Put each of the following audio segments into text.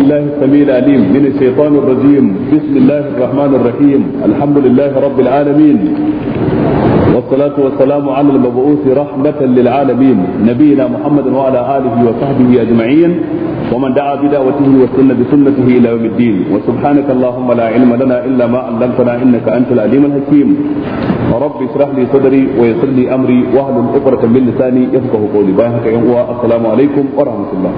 بالله السميع العليم من الشيطان الرجيم بسم الله الرحمن الرحيم الحمد لله رب العالمين والصلاة والسلام على المبعوث رحمة للعالمين نبينا محمد وعلى آله وصحبه أجمعين ومن دعا بدعوته وسن بسنته إلى يوم الدين وسبحانك اللهم لا علم لنا إلا ما علمتنا إنك أنت العليم الحكيم رب اشرح لي صدري ويسر لي امري وأهل عقدة من لساني يفقه قولي باهك يا السلام عليكم ورحمه الله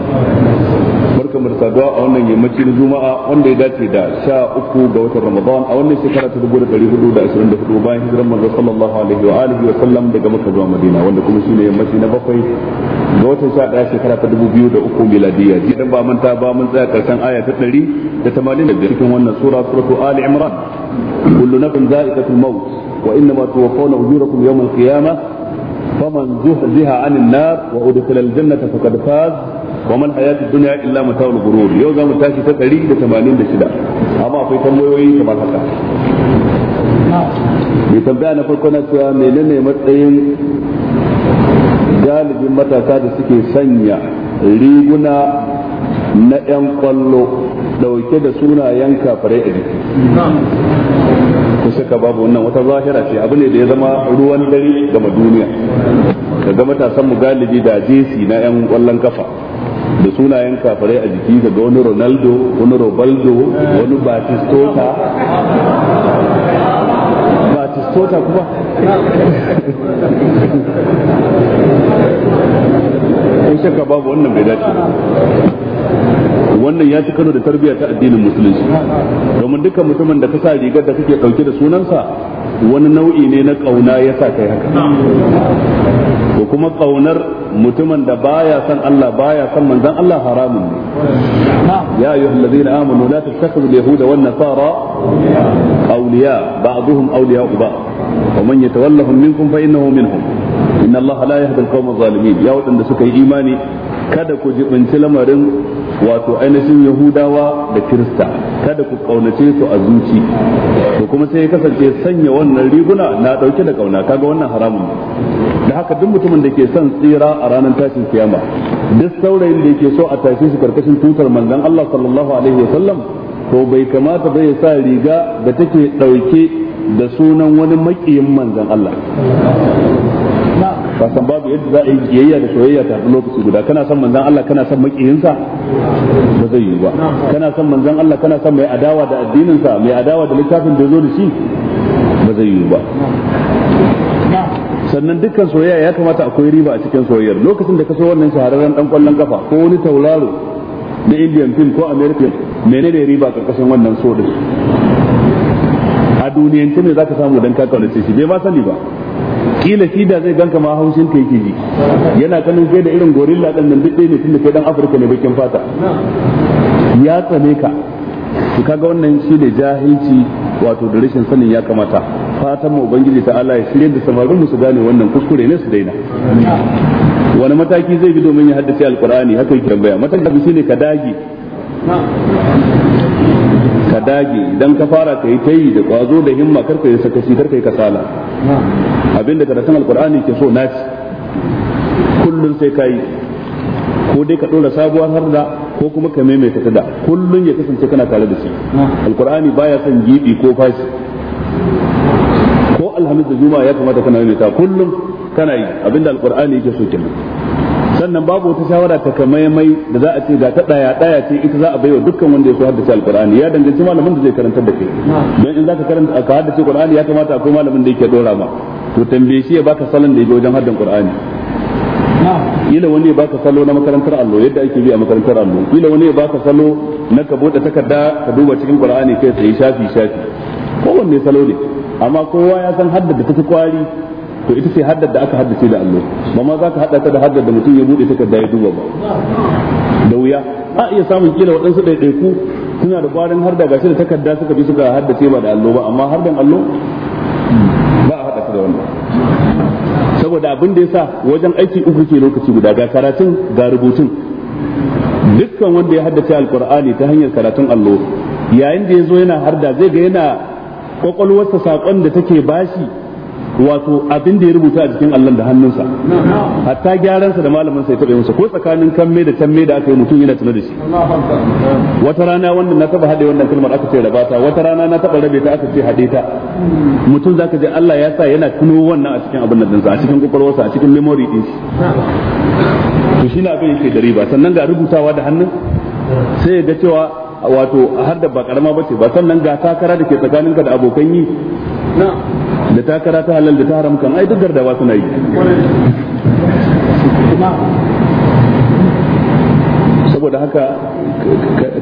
barkan saduwa a wannan yammaci na juma'a wanda ya dace da sha uku ga watan ramadan a wannan shekara ta dubu da ɗari hudu da ashirin da hudu bayan hijirar manzo sallallahu alaihi wa alihi wa sallam daga zuwa madina wanda kuma shine yammaci na bakwai ga watan sha ɗaya shekara ta dubu biyu da uku miladiyya ba manta ba mun tsaya aya ta ɗari da tamanin da cikin wannan sura suratu ali imran kullu nafsin za'iqatul maut wa innama tuwaffawna ujurakum yawmal qiyamah wa man duniya dunya illa mata'ul ghurur yau zamu tashi ta 186 amma akwai tambayoyi kamar haka mai tambaya na farko na cewa menene matsayin galibin matasa da suke sanya riguna na 'yan kwallo dauke da sunayen kafirai a jiki kusa ka babu wannan wata zahira ce abu ne da ya zama ruwan dare ga duniya daga matasan mu galibi da jesi na 'yan kwallon kafa da sunayen kafirai a jiki daga wani ronaldo wani robaldo wani batistota batistota kuma ko shakka babu wannan bai dace wannan ya ci kano da tarbiyya ta addinin musulunci domin dukkan mutumin da ka sa rigar da kake dauke da sunansa wani nau'i ne na kauna ya sa kai haka kuma ƙaunar mutumin da baya san Allah baya san manzon Allah haramun ne ya ayyuhal ladina amanu la tattakhidhu al-yahuda wan nasara awliya ba'dhum awliya ba'd wa man yatawallahum minkum fa innahu minhum inna Allah la yahdi al adh-dhalimin ya wadanda suka yi imani kada ku jibinci lamarin wato ainihin yahudawa da kirista kada ku kaunace su a zuci to kuma sai ya kasance sanya wannan riguna na dauke da kauna kaga wannan haramun da haka duk mutumin da ke son tsira a ranar tashin kiyama duk saurayin da yake so a tashi shi karkashin tutar manzon Allah sallallahu alaihi wa sallam to bai kamata ba ya sa riga da take dauke da sunan wani makiyin manzon Allah ba san babu yadda za a yi kiyayya da soyayya ta lokaci guda kana son manzon Allah kana son makiyinsa ba zai yi ba kana son manzon Allah kana son mai adawa da addinin sa mai adawa da littafin da zo da shi ba zai yi ba sannan dukkan soyayya ya kamata akwai riba a cikin soyayyar lokacin da ka so wannan shahararren dan kwallon kafa ko wani tauraro na indian film ko american menene riba karkashin wannan so din a duniyance ne za ka samu dan ka kaunace shi bai ma sani ba kila shi da zai ganka ma haushin ka yake ji yana kanin kai da irin gorilla din nan duk ne tunda kai dan afirka ne bakin fata ya tsane ka kaga wannan shi ne jahilci wato da rashin sanin ya kamata fatan mu ubangiji ta Allah ya shirye da samarin mu su gane wannan kuskure ne su daina wani mataki zai bi domin ya haddace alqur'ani haka yake tambaya mataki shine ka dage ka dage idan ka fara ka yi da kwazo da himma karka yi sakaci karka yi kasala abinda karatun alqur'ani ke so naci kullum sai ka ko dai ka dora sabuwar harda ko kuma ka maimaita ta da kullum ya kasance kana tare da shi alkur'ani baya son gibi ko fashi alhamis da juma'a ya kamata kana maimaita kullum kana yi abinda alqur'ani yake so kenan sannan babu wata shawara ta mai da za a ce ga ta daya daya ce ita za a baiwa dukkan wanda ya so haddace alqur'ani ya danganci malamin da zai karanta da kai in zaka karanta ka haddace qur'ani ya kamata akwai malamin da yake dora ma to tambaye shi ya baka salon da yake wajen haddan qur'ani kila wani ya baka salo na makarantar allo yadda ake bi a makarantar allo kila wani ya baka salo na ka bude takarda ka duba cikin qur'ani kai sai shafi shafi kowanne salo ne amma kowa ya san haddada ta take kwari to ita ce haddada aka haddace da allo ba ma za ka haddata da haddada da mutum ya bude takarda ya duba ba da wuya a iya samun kila waɗansu ɗaiɗaiku suna da kwarin har da gashi da takarda suka bi suka haddace ba da allo ba amma har dan allo hmm, ba a haddace da wannan saboda abin da yasa wajen aiki uku ke lokaci guda ga karatun ga rubutun dukkan wanda ya haddace alqur'ani ta hanyar karatun allo yayin da ya zo yana harda zai ga yana kwakwalwarsa saƙon da take bashi wato abin da ya rubuta a jikin allon da hannunsa hatta gyaransa da malamin ya taɓa masa ko tsakanin kanme da tamme da aka yi mutum yana tuna da shi wata rana wannan na taɓa haɗe wannan kalmar aka ce bata wata rana na taɓa rabe ta aka ce haɗe ta mutum zaka ji Allah ya sa yana tuno wannan a cikin abin nan a cikin kwakwalwarsa a cikin memory din shi to shi na abin yake da riba sannan ga rubutawa da hannun sai ya ga cewa wato har da ba karama bace ba sannan ga takara da ke tsakaninka da abokan yi da takara ta halal da ta haram kan ai duk gardawa suna yi saboda haka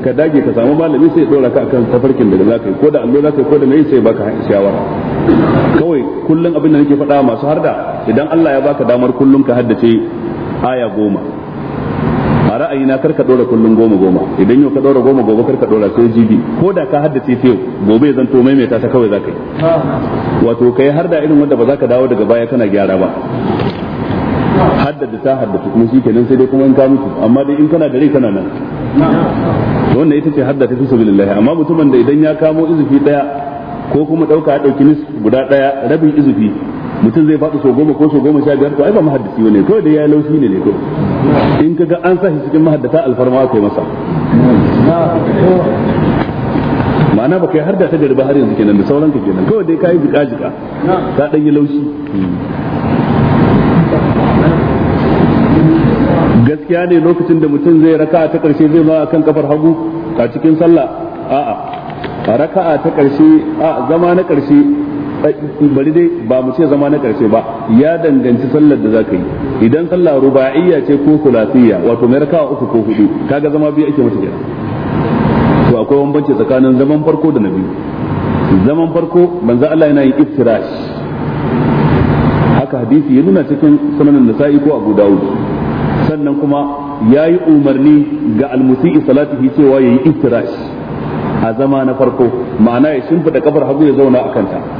ka dage ka samu malami sai dora ka akan tafarkin da za ka yi ko da allo za ka yi ko da mai sai baka shawara kawai kullum abin da nake faɗa masu harda idan Allah ya baka damar kullum ka haddace aya goma a ra'ayi kar ka dora kullun goma goma idan yau ka dora goma gobe kar ka dora sai jibi ko da ka haddace ta yau gobe zan to maimaita ta kawai zaka yi wato kai har da irin wanda ba za ka dawo daga baya kana gyara ba haddace ta haddace kuma shi kenan sai dai kuma in ka mutu amma dai in kana da rai kana nan wannan ita ce haddace fi sabilillah amma mutumin da idan ya kamo izufi daya ko kuma dauka ya dauki nis guda daya rabin izufi mutum zai faɗi so goma ko so goma sha biyar to ai ba mahaddisi bane kawai da ya laushi ne ne to in kaga an sa shi cikin mahaddata alfarma kai masa ma'ana ba kai har da ta gari har yanzu kenan da sauran ka kenan kawai dai kai jika jika ka dan yi laushi gaskiya ne lokacin da mutum zai raka'a ta karshe zai ma kan kafar hagu a cikin sallah a'a raka'a ta karshe a zama na karshe bari dai ba mu ce zama na karshe ba ya danganci sallar da za ka yi idan sallah ruba'iyya ce ko kulasiyya wato mai rakawa uku ko hudu kaga zama biyu ake mata kenan to akwai bambanci tsakanin zaman farko da na biyu zaman farko manzo Allah yana yin iftirash haka hadisi ya nuna cikin sunanin nasa'i ko abu dawud sannan kuma ya yi umarni ga almusi'i salatihi cewa ya yi iftirash a zama na farko ma'ana ya shimfida kafar hagu ya zauna a kanta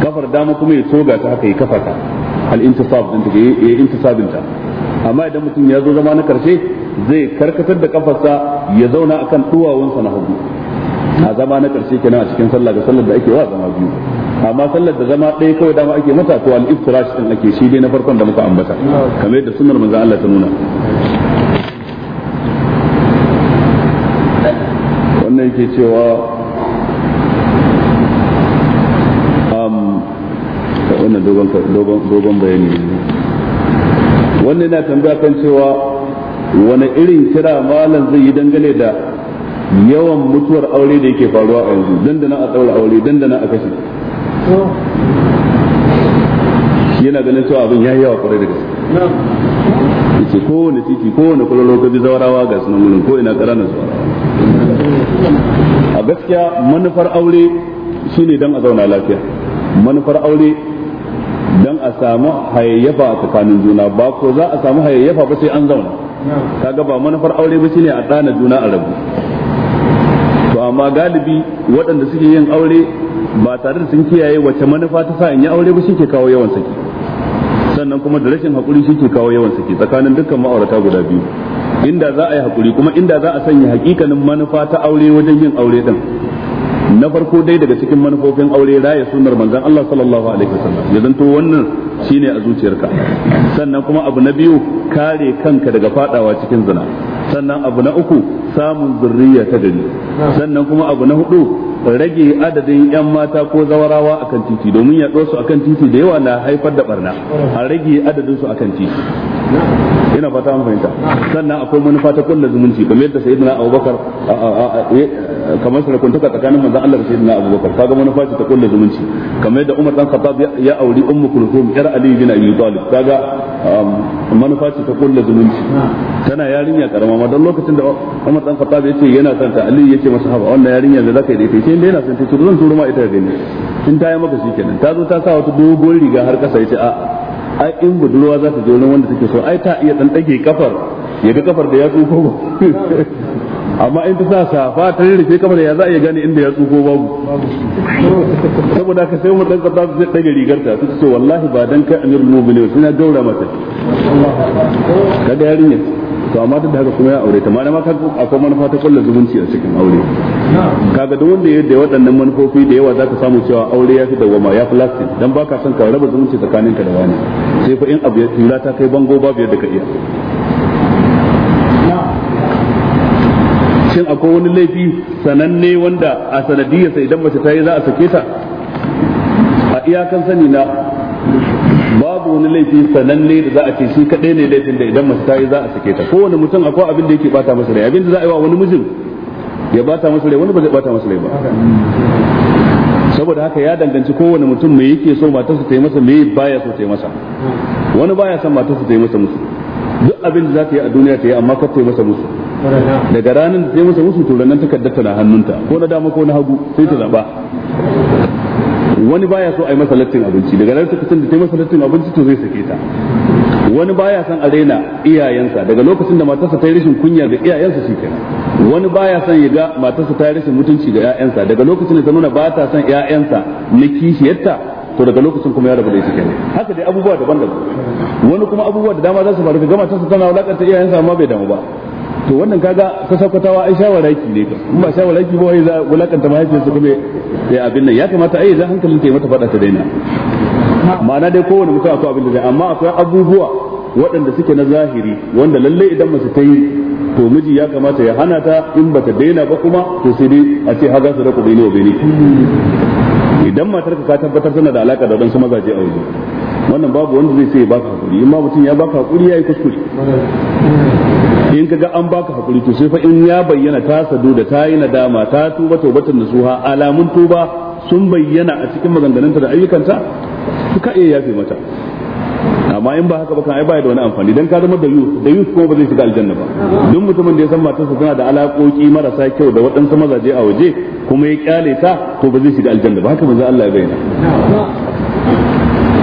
kafar dama kuma ya soga ta haka ya kafa ta al-intisab din ta ya intisabin ta amma idan mutum ya zo zama na karshe zai karkatar da kafarsa ya zauna akan duwawunsa na hudu a zama na karshe kenan a cikin sallah da sallar da ake wa zama biyu amma sallar da zama ɗaya kawai dama ake mata to al-iftirash din ake shi dai na farkon da muka ambata kamar yadda sunnar manzo Allah ta nuna wannan yake cewa dogon bayani wannan na tambaya kan cewa wani irin kira malam zai yi dangane da yawan mutuwar aure da yake faruwa a yanzu dandana a tsaura aure dandana a kashe yana ganin cewa abin ya yi yawa kwarai da gaske ke kowane titi kowane kwalolo ka bi zawarawa ga sunan wurin ko ina ƙaranar zawarawa a gaskiya manufar aure shine dan a zauna lafiya manufar aure dan a samu hayayyafa a tsakanin juna ba ko za a samu hayayyafa ba sai an zauna kaga ba manufar aure ba shine a dana juna a rabu to amma galibi waɗanda suke yin aure ba tare da sun kiyaye wace manufa ta sa in yi aure ba shike kawo yawan saki sannan kuma da rashin hakuri shike kawo yawan saki tsakanin dukkan ma'aurata guda biyu inda za a yi hakuri kuma inda za a sanya hakikanin manufa ta aure wajen yin aure din na farko dai daga cikin manufofin aure raya sunar manzon Allah sallallahu alaihi wasallam ya zanto wannan shine a zuciyarka sannan kuma abu na biyu kare kanka daga fadawa cikin zina sannan abu na uku samun zurriya ta gari sannan kuma abu na hudu rage adadin yan mata ko zawarawa akan titi domin ya su akan titi da yawa na haifar da barna a rage adadin su akan titi ina fata mun fahimta sannan akwai manufa ta kullu zumunci kamar yadda sayyidina Abubakar kamar sa kuntuka tsakanin manzon Allah da sayyidina Abubakar kaga manufa ta kullu zumunci kamar yadda Umar dan Khattab ya auri Ummu Kulthum yar Ali bin Abi Talib kaga um, manufa ta kullu zumunci tana yarinya karama ma dan lokacin da Umar dan Khattab yace yana son ta Ali yace masa haba wannan yarinya da zaka yi da ita sai na son ta zan turo ma ita da ni in ta yi maka shikenan ta zo ta sa wata dogon riga har kasa yace a ai in budurwa za ta je wani wanda take so ai ta iya dan dage kafar ya ga kafar da ya ba amma in ta sa safa ta rufe kamar ya za a iya gane inda ya tsuko babu saboda ka sai mu dan kafa zai dage rigar ta sai wallahi ba dan kai amirul mu'minin sai na daura mata kada yarinya to amma duk da haka kuma ya aure ta malama ka akwai manufa ta kullu zumunci a cikin aure kaga duk wanda ya da waɗannan manufofi da yawa zaka samu cewa aure ya fi dawama ya fi lasting dan baka son ka raba zumunci tsakaninka da wani sai fa in abu ya tura ta kai bango babu yadda ka iya shin akwai wani laifi sananne wanda a sanadiyarsa idan mace ta yi za a sake ta a iyakan sani na babu wani laifi sananne da za a ce shi kadai ne laifin da idan mace ta yi za a sake ta kowane mutum akwai abin da yake bata masa rai abin da za a yi wa wani mijin ya bata masa rai wani ba zai bata masa rai ba saboda haka ya danganci kowane mutum me yake so mata su yi masa me baya so ta masa wani baya son mata su yi masa musu duk abin da za ta yi a duniya ta yi amma kar ta masa musu daga ranar da ta yi masa musu to ranar takardar ta na hannunta ko na dama ko na hagu sai ta zaba wani baya so a yi masa abinci daga lokacin da ta yi masa abinci to zai sake ta wani baya son a daina iyayensa daga lokacin da matarsa ta yi rashin kunya da iyayensa shi kenan wani baya son ya ga matarsa ta yi rashin mutunci ga iyayensa daga lokacin da ta nuna ba ta son ƴaƴansa na kishiyarta to daga lokacin kuma ya rabu da ita kenan haka dai abubuwa daban-daban wani kuma abubuwa da dama za su faru ga matarsa tana wulakanta iyayensa amma bai damu ba to wannan kaga ta sakwatawa ai shawaraki ne ka in ba shawaraki ba wai za mahaifin su kuma ya abin nan ya kamata ai za hankalin ta yi mata fada ta daina ma'ana dai kowane mutum akwai abin da zai amma akwai abubuwa waɗanda suke na zahiri wanda lalle idan mace ta yi to miji ya kamata ya hana ta in ta daina ba kuma to sai dai a ce haga su rako bene wa bene idan matar ka tabbatar tana da alaka da wadansu mazaje a wajen, wannan babu wanda zai sai ya baka hakuri in ma mutum ya baka hakuri ya yi kuskure in kaga an baka hakuri to sai fa in ya bayyana ta sadu da ta yi nadama ta tuba tawbatan nasuha alamun tuba sun bayyana a cikin maganganunta da ayyukanta ka iya yafe mata amma in ba haka ba kan ai bai da wani amfani dan ka zama da yus da yus ko ba zai shiga aljanna ba duk mutumin da ya san matarsa tana da alaƙoƙi marasa kyau da waɗansu mazaje a waje kuma ya kyale ta to ba zai shiga aljanna ba haka manzo Allah ya bayyana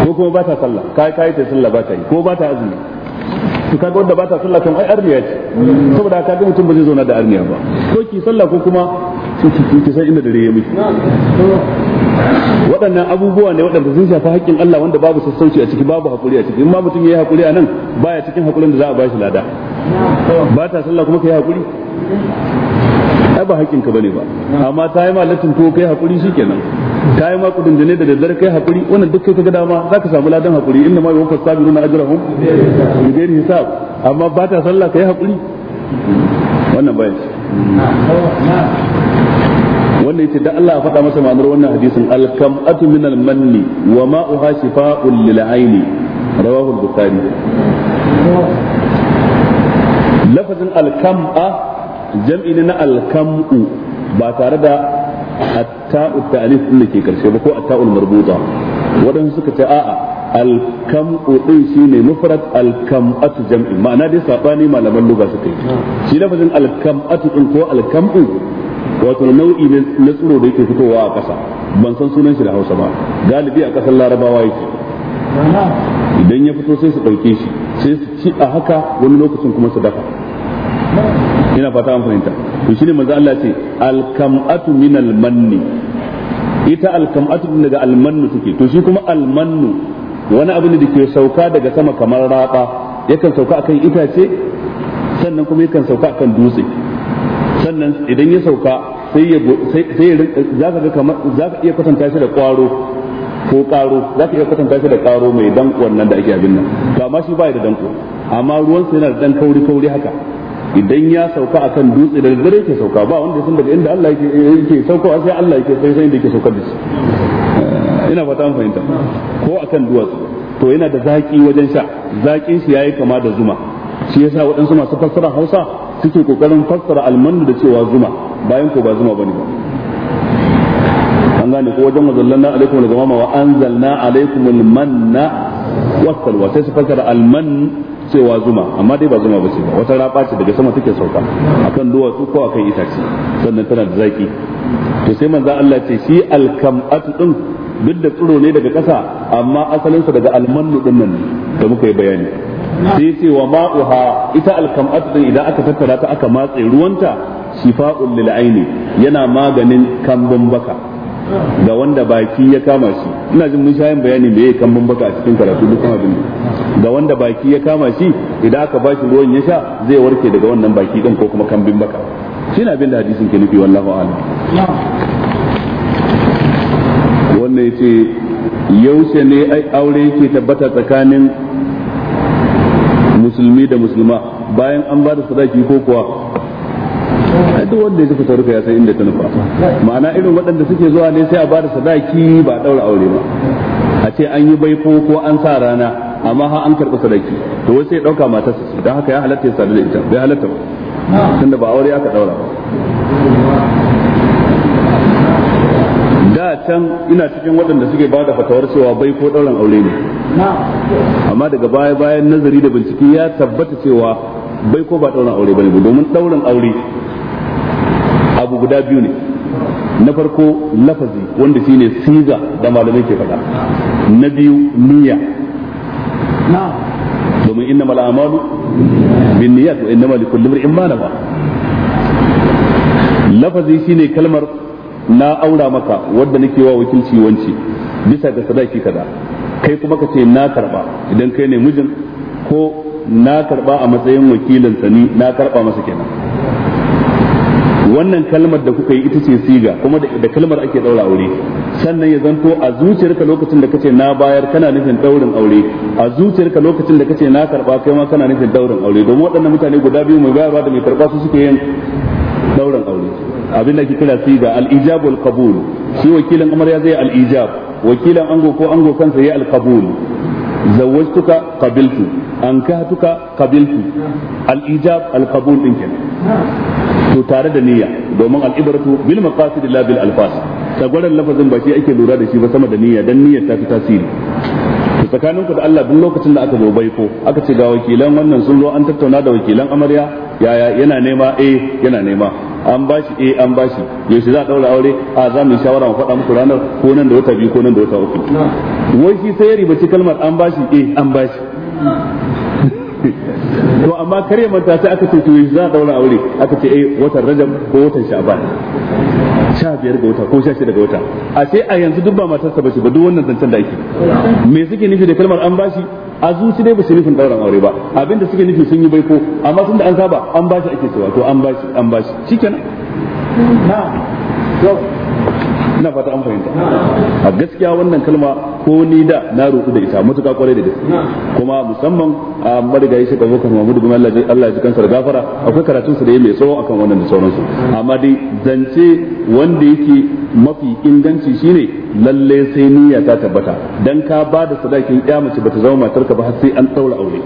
ko kuma ba ta sallah kai kai ta sallah ba ta yi ko ba ta azumi to kaga wanda ba ta sallah kan ai arniya ce saboda kaga mutum ba zai zo na da arniya ba ko ki sallah ko kuma ki san inda dare ya miki waɗannan abubuwa ne waɗanda sun shafi haƙƙin Allah wanda babu sassauci a ciki babu haƙuri a ciki in ma mutum ya yi haƙuri a nan baya cikin haƙurin da za a ba shi lada ba ta sallah kuma ka yi haƙuri ai ba haƙƙinka bane ba amma ta yi ma latin to kai haƙuri shikenan ta yi ma kudin da daddare kai hakuri wannan duk kai kaga dama zaka samu ladan hakuri inda ma yuwaffas sabiruna ajrahum bi ghairi hisab amma ba ta sallah kai hakuri wannan bayan wannan yace da Allah ya faɗa masa ma'anar wannan hadisin al-kam'atu min al wa ma ma'uha shifa'un lil aini rawahu al-bukhari lafazin al a. jam'i na al ba tare da ta'u ta'alif din ke karshe ba ko ta'ul marbuta wadanda suka ce a'a alkam din shi ne mufarat alkam atu jam'i ma'ana dai sabani malaman luga suka yi shi lafazin alkam atu din ko alkam din wato nau'i ne na tsoro da yake fitowa a kasa ban san sunan shi da hausa ba galibi a kasar larabawa yake idan ya fito sai su ɗauke shi sai su ci a haka wani lokacin kuma su dafa ina fata an fahimta to shine manzo Allah ce alkam'atu min almanni ita alkam'atu din daga almannu take to shi kuma almannu wani abu ne da ke sauka daga sama kamar raba yakan sauka akan itace sannan kuma yakan sauka akan dutse sannan idan ya sauka sai ya sai za ka ga kamar za ka iya kwatanta shi da kwaro ko karo za ka iya kwatanta shi da karo mai danko wannan da ake abin nan to amma shi ba da danko amma ruwan sa yana da dan kauri kauri haka idan ya sauka a kan dutse da dare yake sauka ba wanda sun daga inda Allah yake sauka sai Allah yake sai sai inda yake sauka da shi eh, ina fata an fahimta ko a kan duwatsu to yana da zaki wajen sha zakin shi yayi kama da zuma shi yasa waɗansu masu fassara Hausa suke kokarin fassara almanu da cewa zuma bayan ko ba zuma bane ba an gane ko wajen mazallanna alaikum da ma wa anzalna alaikum almanna wasalwa sai su fassara alman cewa zuma amma dai ba zuma bace ba wata rafa ce daga sama take sauka akan duwatsu ko akan itace sannan tana da zaki to sai manzo Allah ce shi alkam'atu din duk da tsiro ne daga ƙasa amma asalinsa daga almannu din nan da muka yi bayani sai ce wa ma'uha ita alkam'atu din idan aka tattara ta aka matse ruwanta shifa'un lil aini yana maganin kambun baka ga wanda baki ya kama shi ina jin mun shayin bayani me yake kan bambaka a cikin karatu dukkan abin ga wanda baki ya kama shi idan aka bashi ruwan ya sha zai warke daga wannan baki din ko kuma kan baka shine abin da hadisin ke nufi wallahu a'lam wannan yace yaushe ne ai aure yake tabbata tsakanin musulmi da musulma bayan an ba da sadaki ko kuwa duk wanda ya ji fitawarka ya san inda ta nufa ma'ana irin waɗanda suke zuwa ne sai a ba da sadaki ba a ɗaura aure ba a ce an yi baiko ko an sa rana amma ha an karɓi sadaki to wai sai ɗauka matarsa su don haka ya halatta ya sadu da ita bai halatta ba tunda ba aure aka ɗaura da can ina cikin waɗanda suke ba da fatawar cewa bai ko ɗaurin aure ne amma daga baya bayan nazari da bincike ya tabbata cewa bai ko ba ɗaurin aure ne domin ɗaurin aure abu guda biyu ne na farko lafazi wanda shine siga da malamai ke faɗa na biyu niyya domin inna mal amalu bin niyya wa inna mal kulli mar'in ma nawa lafazi shine kalmar na aura maka wanda nake wa wakilci wanci bisa ga sadaki kaza kai kuma ka ce na karba idan kai ne mijin ko na karba a matsayin wakilin sani na karba masa kenan wannan kalmar da kuka yi ita ce siga kuma da kalmar ake daura aure sannan ya zanto a zuciyarka lokacin da kace na bayar kana nufin daurin aure a zuciyarka lokacin da kace na karba kai ma kana nufin daurin aure domin waɗannan mutane guda biyu mai bayarwa da mai karba su suke yin daurin aure abin da ake kira siga al-ijab wal qabul shi wakilin amarya zai al-ijab wakilan ango ko ango kansa ya al-qabul zawajtuka qabiltu ankahtuka qabiltu al-ijab al-qabul din kenan to tare da niyya domin al'ibratu bil maqasid la bil alfas sagwaran lafazin ba shi ake lura da shi ba sama da niyya dan niyyar ta fi tasiri ku da Allah duk lokacin da aka zo baiko aka ce ga wakilan wannan sun zo an tattauna da wakilan amarya yaya yana nema eh yana nema an bashi eh an bashi yaushe za a daura aure a za mu shawara mu faɗa muku ranar ko nan da wata biyu ko nan da wata uku wai shi sai ya ribaci kalmar an bashi eh an bashi to amma kar ya manta sai aka ce to za a daura aure aka ce eh watan rajab ko watan sha'ban sha biyar ga wata ko sha shida ga wata a sai a yanzu duk ba matarsa bace ba duk wannan zancen da ake me suke nufi da kalmar an bashi a zuci dai ba su nufin dauran aure ba abinda suke nufi sun yi baiko amma tunda an saba an bashi ake cewa to an bashi an bashi shikenan na ina fata an fahimta a gaskiya wannan kalma ko ni da na roƙu da ita mutuka kwarai da gaske kuma musamman a marigayi shi kan kan Muhammadu bin Allah Allah ji kansa da gafara akwai karatun su da yayi mai tsawo akan wannan da sauransu amma dai zance wanda yake mafi inganci shine lalle sai niyya ta tabbata dan ka ba da sadakin ya mace bata zama matarka ba har sai an daura aure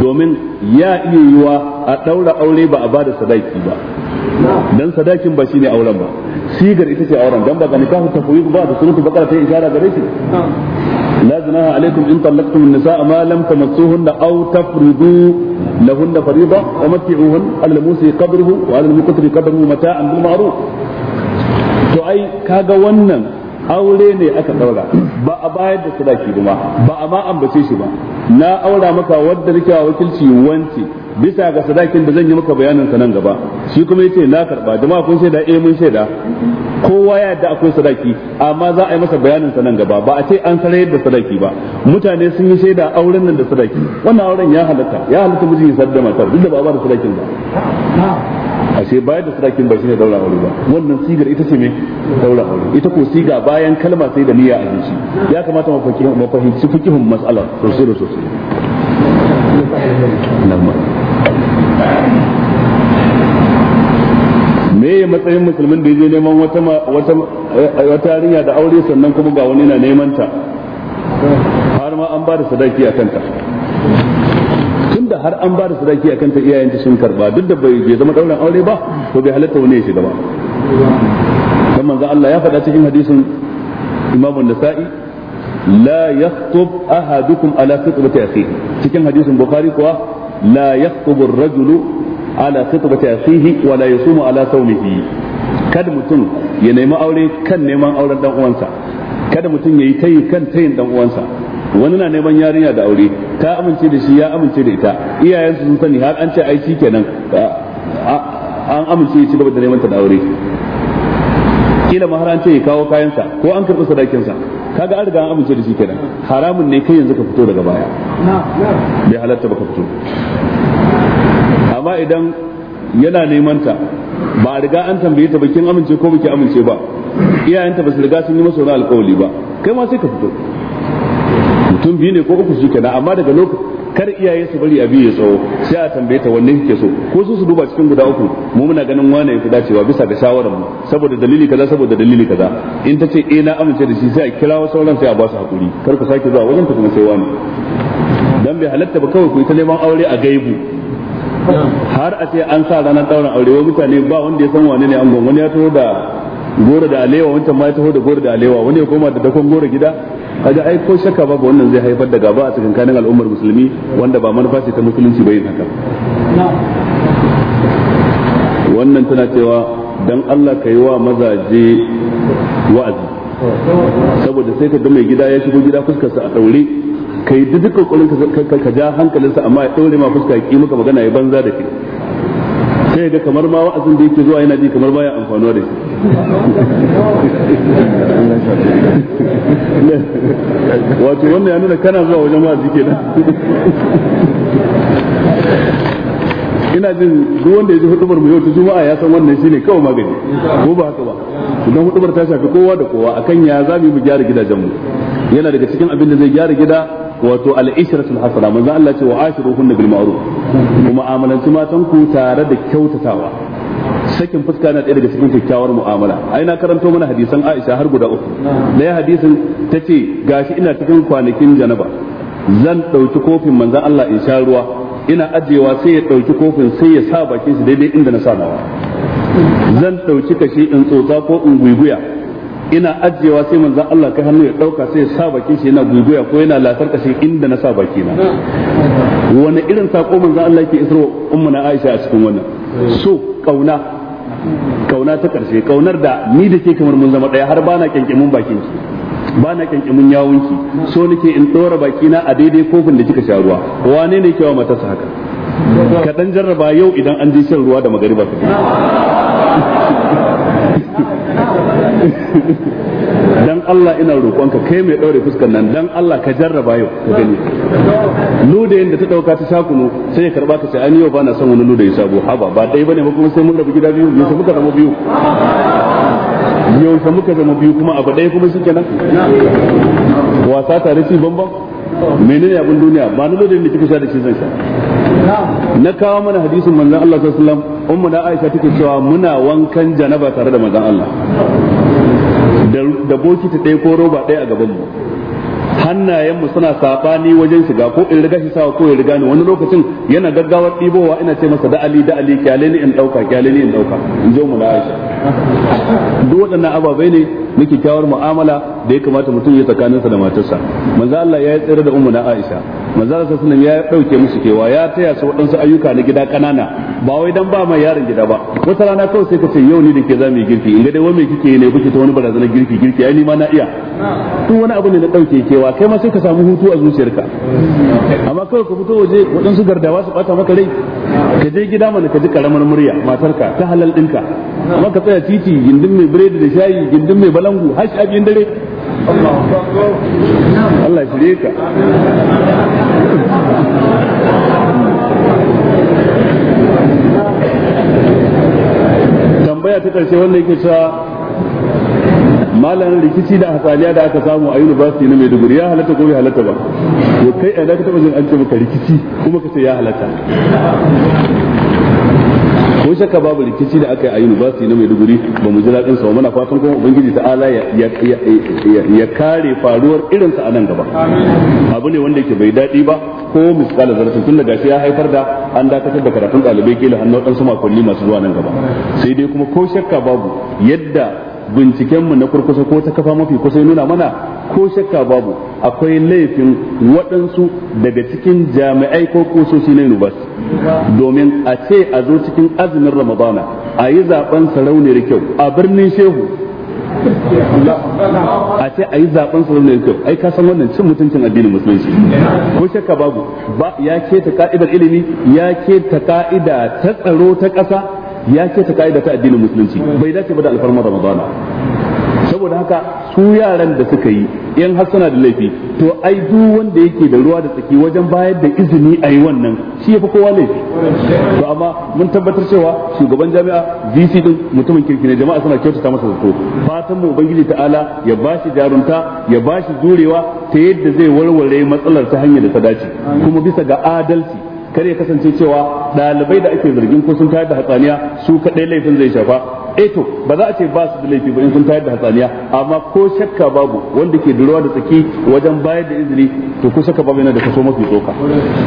domin ya iya yiwa a daura aure ba a ba da sadaki ba dan sadakin ba shine auren ba sigar ita ce auren dan ba ga nikahu tafwid ba da surutu bakara ta isharar gare shi لا جناح عليكم إن طلقتم النساء ما لم تمسوهن أو تفرضوا لهن فريضة ومتعوهن على الموسي قدره وعلى المقتر قدره متاعا بالمعروف to ai kaga wannan aure ne aka daura ba a bayar da sadaki ba ba a ma ambace shi ba na aura maka wadda nake wakilci wance bisa ga sadakin da zan yi maka bayanin sa nan gaba shi kuma yace na karba jama'a kun shaida eh mun shaida kowa ya yadda akwai sadaki amma za a yi masa bayanin sa nan gaba ba a ce an sarayar da sadaki ba mutane sun yi shaida auren nan da sadaki wannan auren ya halatta ya halatta miji ya sadda matar duk da ba a ba da sadakin ba ashe bayan da sadakin ba shine daura aure ba wannan sigar ita ce me daura aure ita ko siga bayan kalma sai da niyya a zuci ya kamata mu fahimci fikihun mas'alar sosai da sosai me ya matsayin musulmin da je neman wata eh, wata yarinya da aure sannan kuma ga wani na neman ta har ma an ba da sadaki a kanta tunda har an ba da sadaki akan ta iyayenta sun karba duk da bai zama dauran aure ba to bai halatta wani ya shiga ba dan manzo Allah ya faɗa cikin hadisin Imam Nasa'i la yakhthub ahadukum ala khitbati akhihi cikin hadisin Bukhari kuwa la yakhtubu ar-rajulu ala khitbati akhihi wa la yasumu ala sawmihi kada mutum ya nemi aure kan neman auren dan uwansa kada mutum yayi tayi kan tayin dan uwansa wani na neman yarinya da aure ta amince da shi ya amince da ita iyayen sun sani har an ce ai kenan an amince ya ci gaba da neman ta da aure kila ma har an ce ya kawo kayansa ko an karɓi sadakinsa kaga an riga an amince da shi kenan haramun ne kai yanzu ka fito daga baya bai halatta ba ka fito amma idan yana neman ta ba a riga an tambaye ta ba kin amince ko baki amince ba iyayenta ba su riga sun yi masa wani alƙawali ba kai ma sai ka fito mutum biyu ne ko uku shi kenan amma daga lokacin kar iyaye su bari abi ya tsawo sai a tambaye ta wanne kike so ko su su duba cikin guda uku mu muna ganin wane yafi dacewa bisa ga shawaran mu saboda dalili kaza saboda dalili kaza in ta ce eh na amince da shi sai a kirawo sauran sai a ba su hakuri kar ku sake zuwa wajen ta kuma sai wani dan bai halatta ba kawai ku yi ta neman aure a gaibu har a ce an sa ranar ɗaurin aure wa mutane ba wanda ya san wane ne angon wani ya turo da goro da alewa wancan ma ya taho da goro da alewa wani ya koma da dakon goro gida kaga ai ko shakka babu wannan zai haifar da gaba a cikin kanin al'ummar musulmi wanda ba manufa ce ta musulunci ba yin haka wannan tana cewa dan Allah ka yi wa mazaje wa'azi saboda sai ka ga mai gida ya shigo gida fuskarsa a daure kai duk kokarin ka ja hankalinsa amma ya daure ma fuska ki maka magana ya banza da kai sai ga kamar ma wa'azin da yake zuwa yana ji kamar baya amfano da shi wato wannan ya nuna kana zuwa wajen wa'azi nan ina jin duk wanda ya ji hudubar mu yau ta juma'a ya san wannan shine kawai magani ko ba haka ba idan hudubar ta shafi kowa da kowa akan ya zamu mu gyara gidajen mu yana daga cikin abin da zai gyara gida wato al-ishratul hasana manzo Allah ce wa ashiruhunna bil ma'ruf kuma amalanci matan ku tare da kyautatawa sakin fuska na daya daga cikin kyakkyawar mu'amala ai na karanto mana hadisan Aisha har guda uku ya hadisin tace gashi ina cikin kwanakin janaba zan ɗauki kofin manzo Allah in sha ruwa ina ajewa sai ya ɗauki kofin sai ya sa bakin shi daidai inda na sa nawa zan ɗauki kashi in tsotsa ko in guiguya ina ajiyewa sai manzo Allah kai hannu ya dauka sai ya sa bakin shi yana guguya ko yana latar kashi inda na sa baki na wani irin sako manzo Allah yake isarwa ummuna Aisha a cikin wannan so kauna kauna ta karshe kaunar da ni da ke kamar mun zama daya har bana kyankyamin bakin ki bana kyankyamin yawun ki so nake in dora baki na a daidai kofin da kika sha ruwa wane ne kewa matarsa haka ka dan jarraba yau idan an je shan ruwa da magariba ka dan Allah ina roƙonka kai mai ɗaure fuskar nan dan Allah ka jarraba yau ka gani lude da ta dauka ta sakunu sai ya karba ta sai an yau bana son wani ya sabo haba ba ɗaya bane ba kuma sai mun rabu gida biyu yau muka mu biyu yau muka mu biyu kuma abu ɗaya kuma shikenan wasa tare shi bambam menene abin duniya ba na lode ne kika sha da shi zan sha na kawo mana hadisin manzon Allah sallallahu alaihi wasallam ummu da Aisha take cewa muna wankan janaba tare da manzon Allah da bokiti ɗaya ko roba ɗaya a gaban mu hannayenmu suna sabani wajen shiga ko in riga shi sawa ko in riga ni wani lokacin yana gaggawar ɗibowa ina ce masa da ali da ali kyale ni in ɗauka kyale ni in ɗauka in je mu na duk waɗannan ababai ne na kyakkyawar mu'amala da ya kamata mutum ya tsakaninsa da matarsa manzo Allah ya yi tsere da ummu na aisha manzon sa sunan ya dauke musu kewa ya taya su waɗansu ayyuka na gida kanana ba wai dan ba mai yaron gida ba wata rana kawai sai ka ce yau ni da ke za mu yi girki in ga dai wani me kike ne kuke ta wani barazanar girki girki ai ni ma na iya to wani abu ne na dauke kewa kai ma sai ka samu hutu a zuciyarka amma kawai ka fito waje waɗansu gardawa su bata maka rai ka je gida mana ka ji karamar murya matarka ta halal ɗinka amma ka tsaya titi gindin mai biredi da shayi gindin mai balangu har abin dare Allah shirye ka tambaya ta karshe wanda yake cewa malamin rikici da hatsaniya da aka samu a university na Maiduguri ya halatta ko bai halatta ba to kai a da ka taba jin an ce maka rikici kuma ka ce ya halatta ko shakka babu rikici da aka yi a university na Maiduguri ba mu ji daɗin sa muna fatan kuma ubangiji ta Ala ya kare faruwar irin a nan gaba abu ne wanda yake bai daɗi ba ko misali zarafin tun da gashi ya haifar da an dakatar da karatun ɗalibai kila hannu waɗansu makonni masu zuwa nan gaba sai dai kuma ko shakka babu yadda Binciken mu na kurkusa ko ta kafa mafi kusa ya nuna mana ko shakka babu akwai laifin waɗansu daga cikin jami'ai ko kusoshi na nubas domin a ce a zo cikin azumin ramadana a yi zaben sarauniyar kyau a birnin shehu a ce a yi zaben sarauniyar kyau ai ka san wannan cin mutuncin addinin musulunci ko shakka babu ya ya keta ka'idar ilimi ya keta ka'ida ta tsaro ta ƙasa ya ce ta kaida ta addinin musulunci bai dace ba da alfarma ramadana saboda haka su yaran da suka yi yan hassana da laifi to ai duk wanda yake da ruwa da tsaki wajen bayar da izini a yi wannan shi ya fi kowa laifi to amma mun tabbatar cewa shugaban jami'a vc din mutumin kirki ne jama'a suna kyautata masa zato fatan mu ubangiji ta'ala ya bashi jarunta ya bashi jurewa ta yadda zai warware matsalar ta hanyar da ta dace kuma bisa ga adalci kare kasance cewa ɗalibai da ake zargin ko sun tayar da hatsaniya su kadai laifin zai shafa eh to ba za a ce ba su da laifi ba in sun tayar da hatsaniya amma ko shakka babu wanda ke durowa da tsaki wajen bayar da izini to ko shakka babu yana da kaso mafi tsoka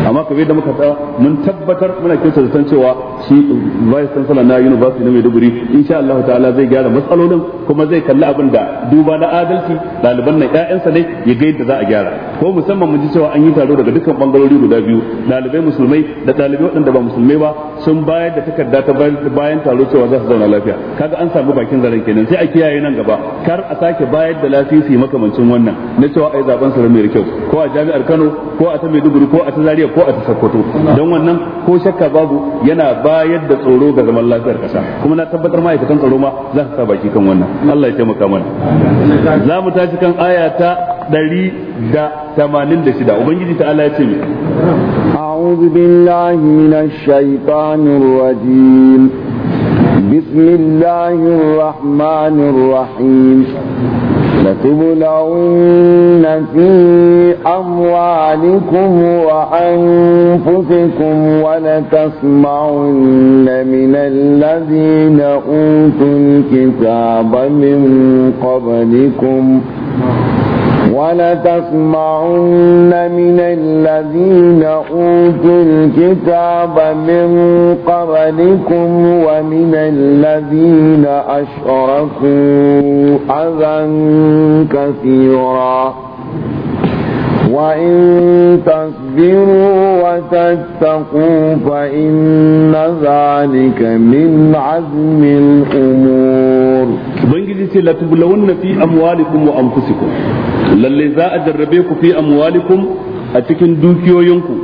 amma kamar da muka tsaya mun tabbatar muna kyautar da san cewa shi vice chancellor na university na Maiduguri insha Allah ta'ala zai gyara matsalolin kuma zai kalli abin da duba na adalci ɗaliban na ƴaƴansa ne ya ga yadda za a gyara ko musamman mun ji cewa an yi taro daga dukkan bangarori guda biyu ɗalibai musulmai da ɗalibai waɗanda ba musulmai ba sun bayar da takarda ta bayan taro cewa za su zauna lafiya kaga an samu bakin zaren kenan sai a kiyaye nan gaba kar a sake bayar da lasisi makamancin wannan na cewa ai zaben su mai kyau ko a jami'ar Kano ko a ta Maiduguri ko a ta Zaria ko a ta Sokoto dan wannan ko shakka babu yana bayar da tsoro ga zaman lafiyar kasa kuma na tabbatar ma'aikatan tsaro ma za su sa baki kan wannan Allah ya taimaka mana za mu tashi kan aya ta 186 ubangiji ta Allah ya ce أعوذ بالله من الشيطان الرجيم بسم الله الرحمن الرحيم لتبلغن في أموالكم وأنفسكم ولتسمعن من الذين أوتوا الكتاب من قبلكم ولتسمعن من الذين أوتوا الكتاب من قبلكم ومن الذين أشركوا أذى كثيرا وإن تصبروا وتتقوا فإن ذلك من عزم الأمور بنجي لا تبلون في أموالكم وأنفسكم lalle za a jarrabe ku fi amwalikum a cikin dukiyoyinku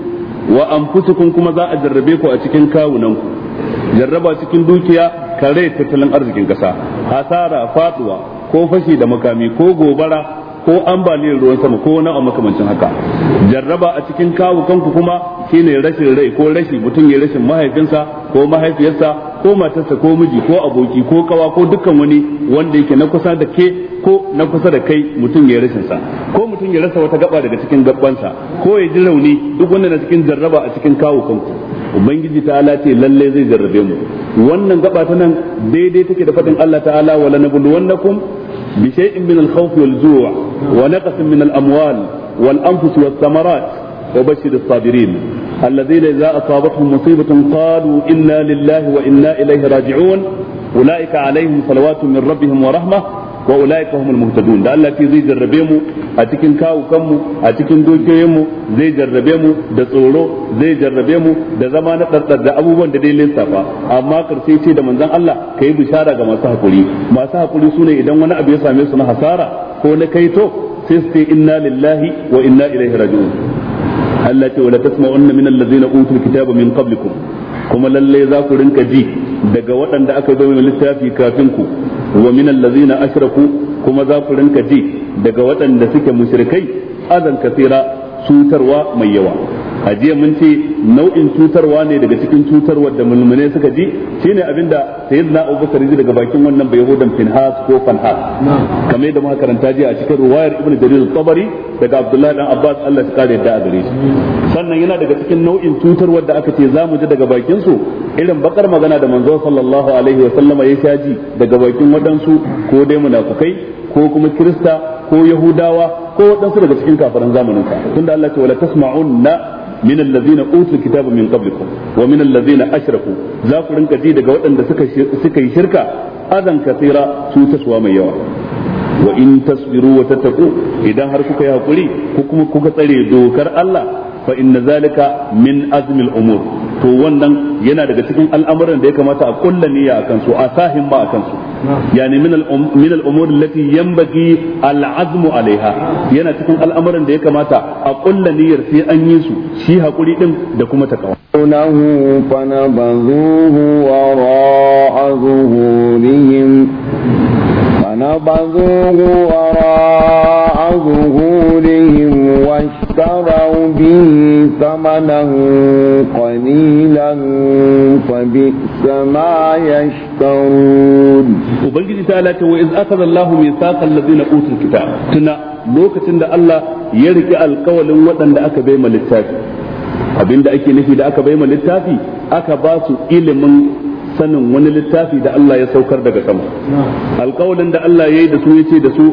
wa anfusukum kuma za a jarrabe ku a cikin kawunanku jarraba cikin dukiya kare tattalin arzikin kasa hasara faduwa ko fashi da makami ko gobara ko ambaliyar ruwan sama ko wani abu makamancin haka jarraba a cikin kawo kanku kuma shine rashin rai ko rashi mutum ya rashin mahaifinsa ko mahaifiyarsa ko matarsa ko miji ko aboki ko kawa ko dukkan wani wanda yake na kusa da ke ko na kusa da kai mutum ya rashin sa ko mutum ya rasa wata gaba daga cikin gabansa ko ya ji rauni duk wanda na cikin jarraba a cikin kawo kanku ubangiji ala ce lalle zai jarrabe mu wannan gaba ta nan daidai take da fadin Allah ta'ala wala nabluwannakum بشيء من الخوف والجوع ونقص من الأموال والأنفس والثمرات وبشر الصابرين الذين إذا أصابتهم مصيبة قالوا إنا لله وإنا إليه راجعون أولئك عليهم صلوات من ربهم ورحمة wa ulaika humul muhtadun da Allah ce zai jarrabe mu a cikin kawukan mu a cikin dokiyoyin mu zai jarrabe mu da tsoro zai jarrabe mu da zama na tsatsar da abubuwan da dai lissafa amma karshe ce da manzon Allah kai bishara ga masu hakuri masu hakuri sune idan wani abu ya same su na hasara ko na kai to sai su ce inna lillahi wa inna ilaihi raji'un Allah ce wala tasma'unna min allazina utul kitaba min qablikum kuma lalle za ku rinka ji daga waɗanda aka zo mai littafi kafin ku wa lazina allazina ashraku kuma za ku rinka ji daga waɗanda suke mushrikai azan kafira cutarwa mai yawa a jiya mun ce nau'in cutarwa ne daga cikin cutarwar da mulmune suka ji shine abinda Abu Bakar ji daga bakin wannan bai yahudan Finhas ko Fanhas kamar da muka karanta ji a cikin ruwayar Ibn Jarir tabari daga abdullah dan Abbas Allah ya kare da a gare shi sannan yana daga cikin nau'in cutarwar da aka ce zamu ji daga bakin su irin bakar magana da manzo sallallahu alaihi wa sallama ya shaji daga bakin wadansu ko dai munafukai ko kuma kirista ko yahudawa ko waɗansu daga cikin kafirin zamanin ka tunda Allah ce wala tasma'unna min allazina utul kitaba min qablikum wa min allazina ashraku za ku rinka ji daga waɗanda suka suka yi shirka azan kasira su taswa mai yawa wa in tasbiru wa tattaqu idan har kuka yi hakuri ko kuma kuka tsare dokar Allah fa inna zalika min azmil umur to wannan yana daga cikin al'amuran da ya kamata a kulla niyya akan su a sahin ba akan su yani min al min al umur allati yanbaghi al azmu alaiha yana cikin al'amuran da ya kamata a kulla niyyar sai an yi su shi hakuri din da kuma takawa له فنبذوه وراء ظهورهم فنبذوه وراء ظهورهم وش اشتروا به ثمنا قليلا فبئس ما يشترون وبنجي تعالى وإذ أخذ الله ميثاق الذين أوتوا الكتاب تنا لوكتن da Allah ya rike alkawalin waɗanda aka bai ma littafi abinda ake nufi da aka bai ma littafi aka basu ilimin sanin wani littafi da Allah ya saukar daga sama alkawalin da Allah ya yi da su ya ce da su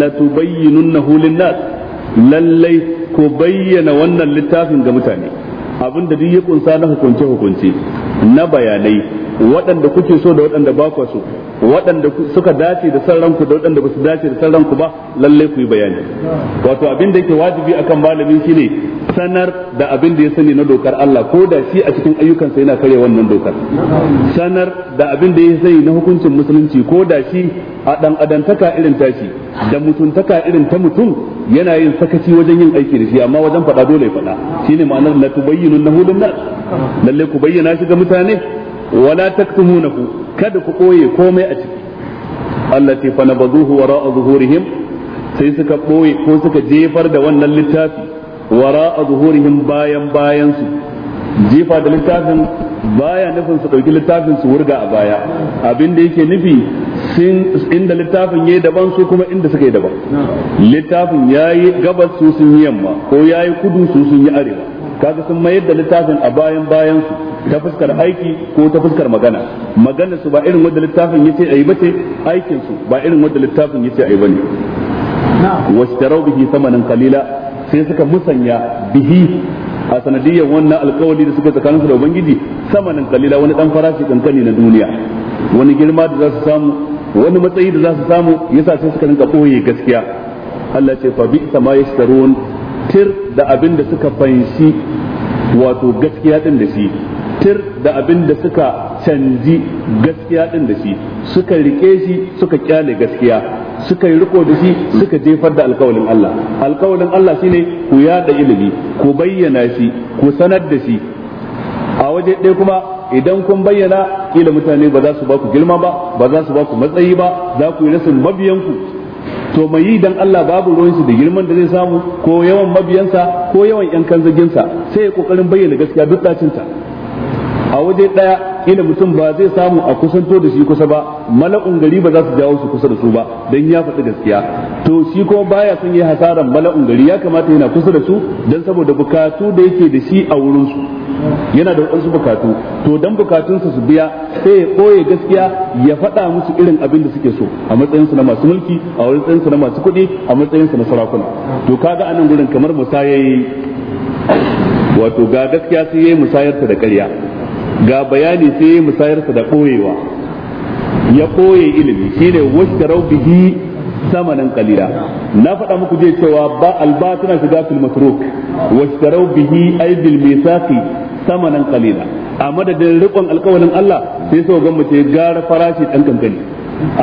latubayyinunnahu lin-nas lallai ko bayyana wannan littafin ga mutane abin da duk ya kunsa na hukunce hukunce na bayanai waɗanda kuke so da waɗanda ba ku so waɗanda suka dace da san ranku da waɗanda ba su dace da san ranku ba lallai ku yi bayani wato abin da yake wajibi akan malamin shine sanar da abin da ya sani na dokar Allah ko da shi a cikin ayyukansa yana karya wannan dokar sanar da abin da ya sani na hukuncin musulunci ko da shi a dan adantaka irin tashi da mutuntaka irin ta mutum yana yin sakaci wajen yin aiki da shi amma wajen faɗa dole ya faɗa shine ma'anar la tubayyinu lahu lin nas lalle ku bayyana shi ga mutane wala taktumunahu kada ku koye komai a ciki allati fanabaduhu wara'a zuhurihim sai suka ɓoye ko suka jefar da wannan littafi wara a zuhurihin bayan bayan su jifa da littafin baya nufin su ɗauki littafin su wurga a baya abin da yake nufi inda littafin ya yi daban su kuma inda suka yi daban littafin ya yi gabas su sun yi yamma ko ya yi kudu su sun yi arewa kaga sun mayar da littafin a bayan bayan su ta fuskar aiki ko ta fuskar magana magana su ba irin wanda littafin yace ayi ce aikin su ba irin wanda littafin yace ayi bane wastarau bihi samanan qalila sai suka musanya bihi a sanadiyar wannan alkawari da suka tsakaninsu da ubangiji samanin kalila wani dan farashi kankani na duniya wani girma da za su samu wani matsayi da za su samu yasa sai suka rinka koye gaskiya Allah ce fa bi sama yashtarun tir da abin da suka fanshi wato gaskiya din da shi tir da abin da suka canji gaskiya din da shi suka rike shi suka kyale gaskiya suka yi riko da shi suka jefar da alkawalin Allah alkawalin Allah shine ku yada ilimi ku bayyana shi ku sanar da shi a waje ɗaya kuma idan kun bayyana kila mutane ba za su ba ku girma ba ba za su ba ku matsayi ba za ku yi rasin mabiyanku to mai yi dan Allah babu ruwan shi da girman da zai samu ko yawan mabiyansa ko yawan yan kanzaginsa sai ya kokarin bayyana gaskiya duk dacinta a waje ɗaya ina mutum ba zai samu a kusanto da shi kusa ba mala'un gari ba za su jawo su kusa da su ba dan ya faɗi gaskiya to shi kuma baya son yi hasaran mala'un gari ya kamata yana kusa da su don saboda bukatu da yake da shi a wurin su yana da wadansu bukatu to don bukatunsa su biya sai ya koye gaskiya ya faɗa musu irin abin da suke so a matsayinsu na masu mulki a matsayinsu na masu kuɗi a matsayinsu na sarakuna to kaga anan gurin kamar musayayi wato ga gaskiya sai ya yi musayarta da karya. ga bayani sai ya musayarsa da ɓoyewa ya ɓoye ilimi shine washtarau bihi samanan qalila na faɗa muku je cewa ba alba tana shiga fil matruk washtarau bihi ay bil misaqi samanan qalila a madadin riƙon alƙawalin Allah sai so ga mace gara farashi ɗan kankani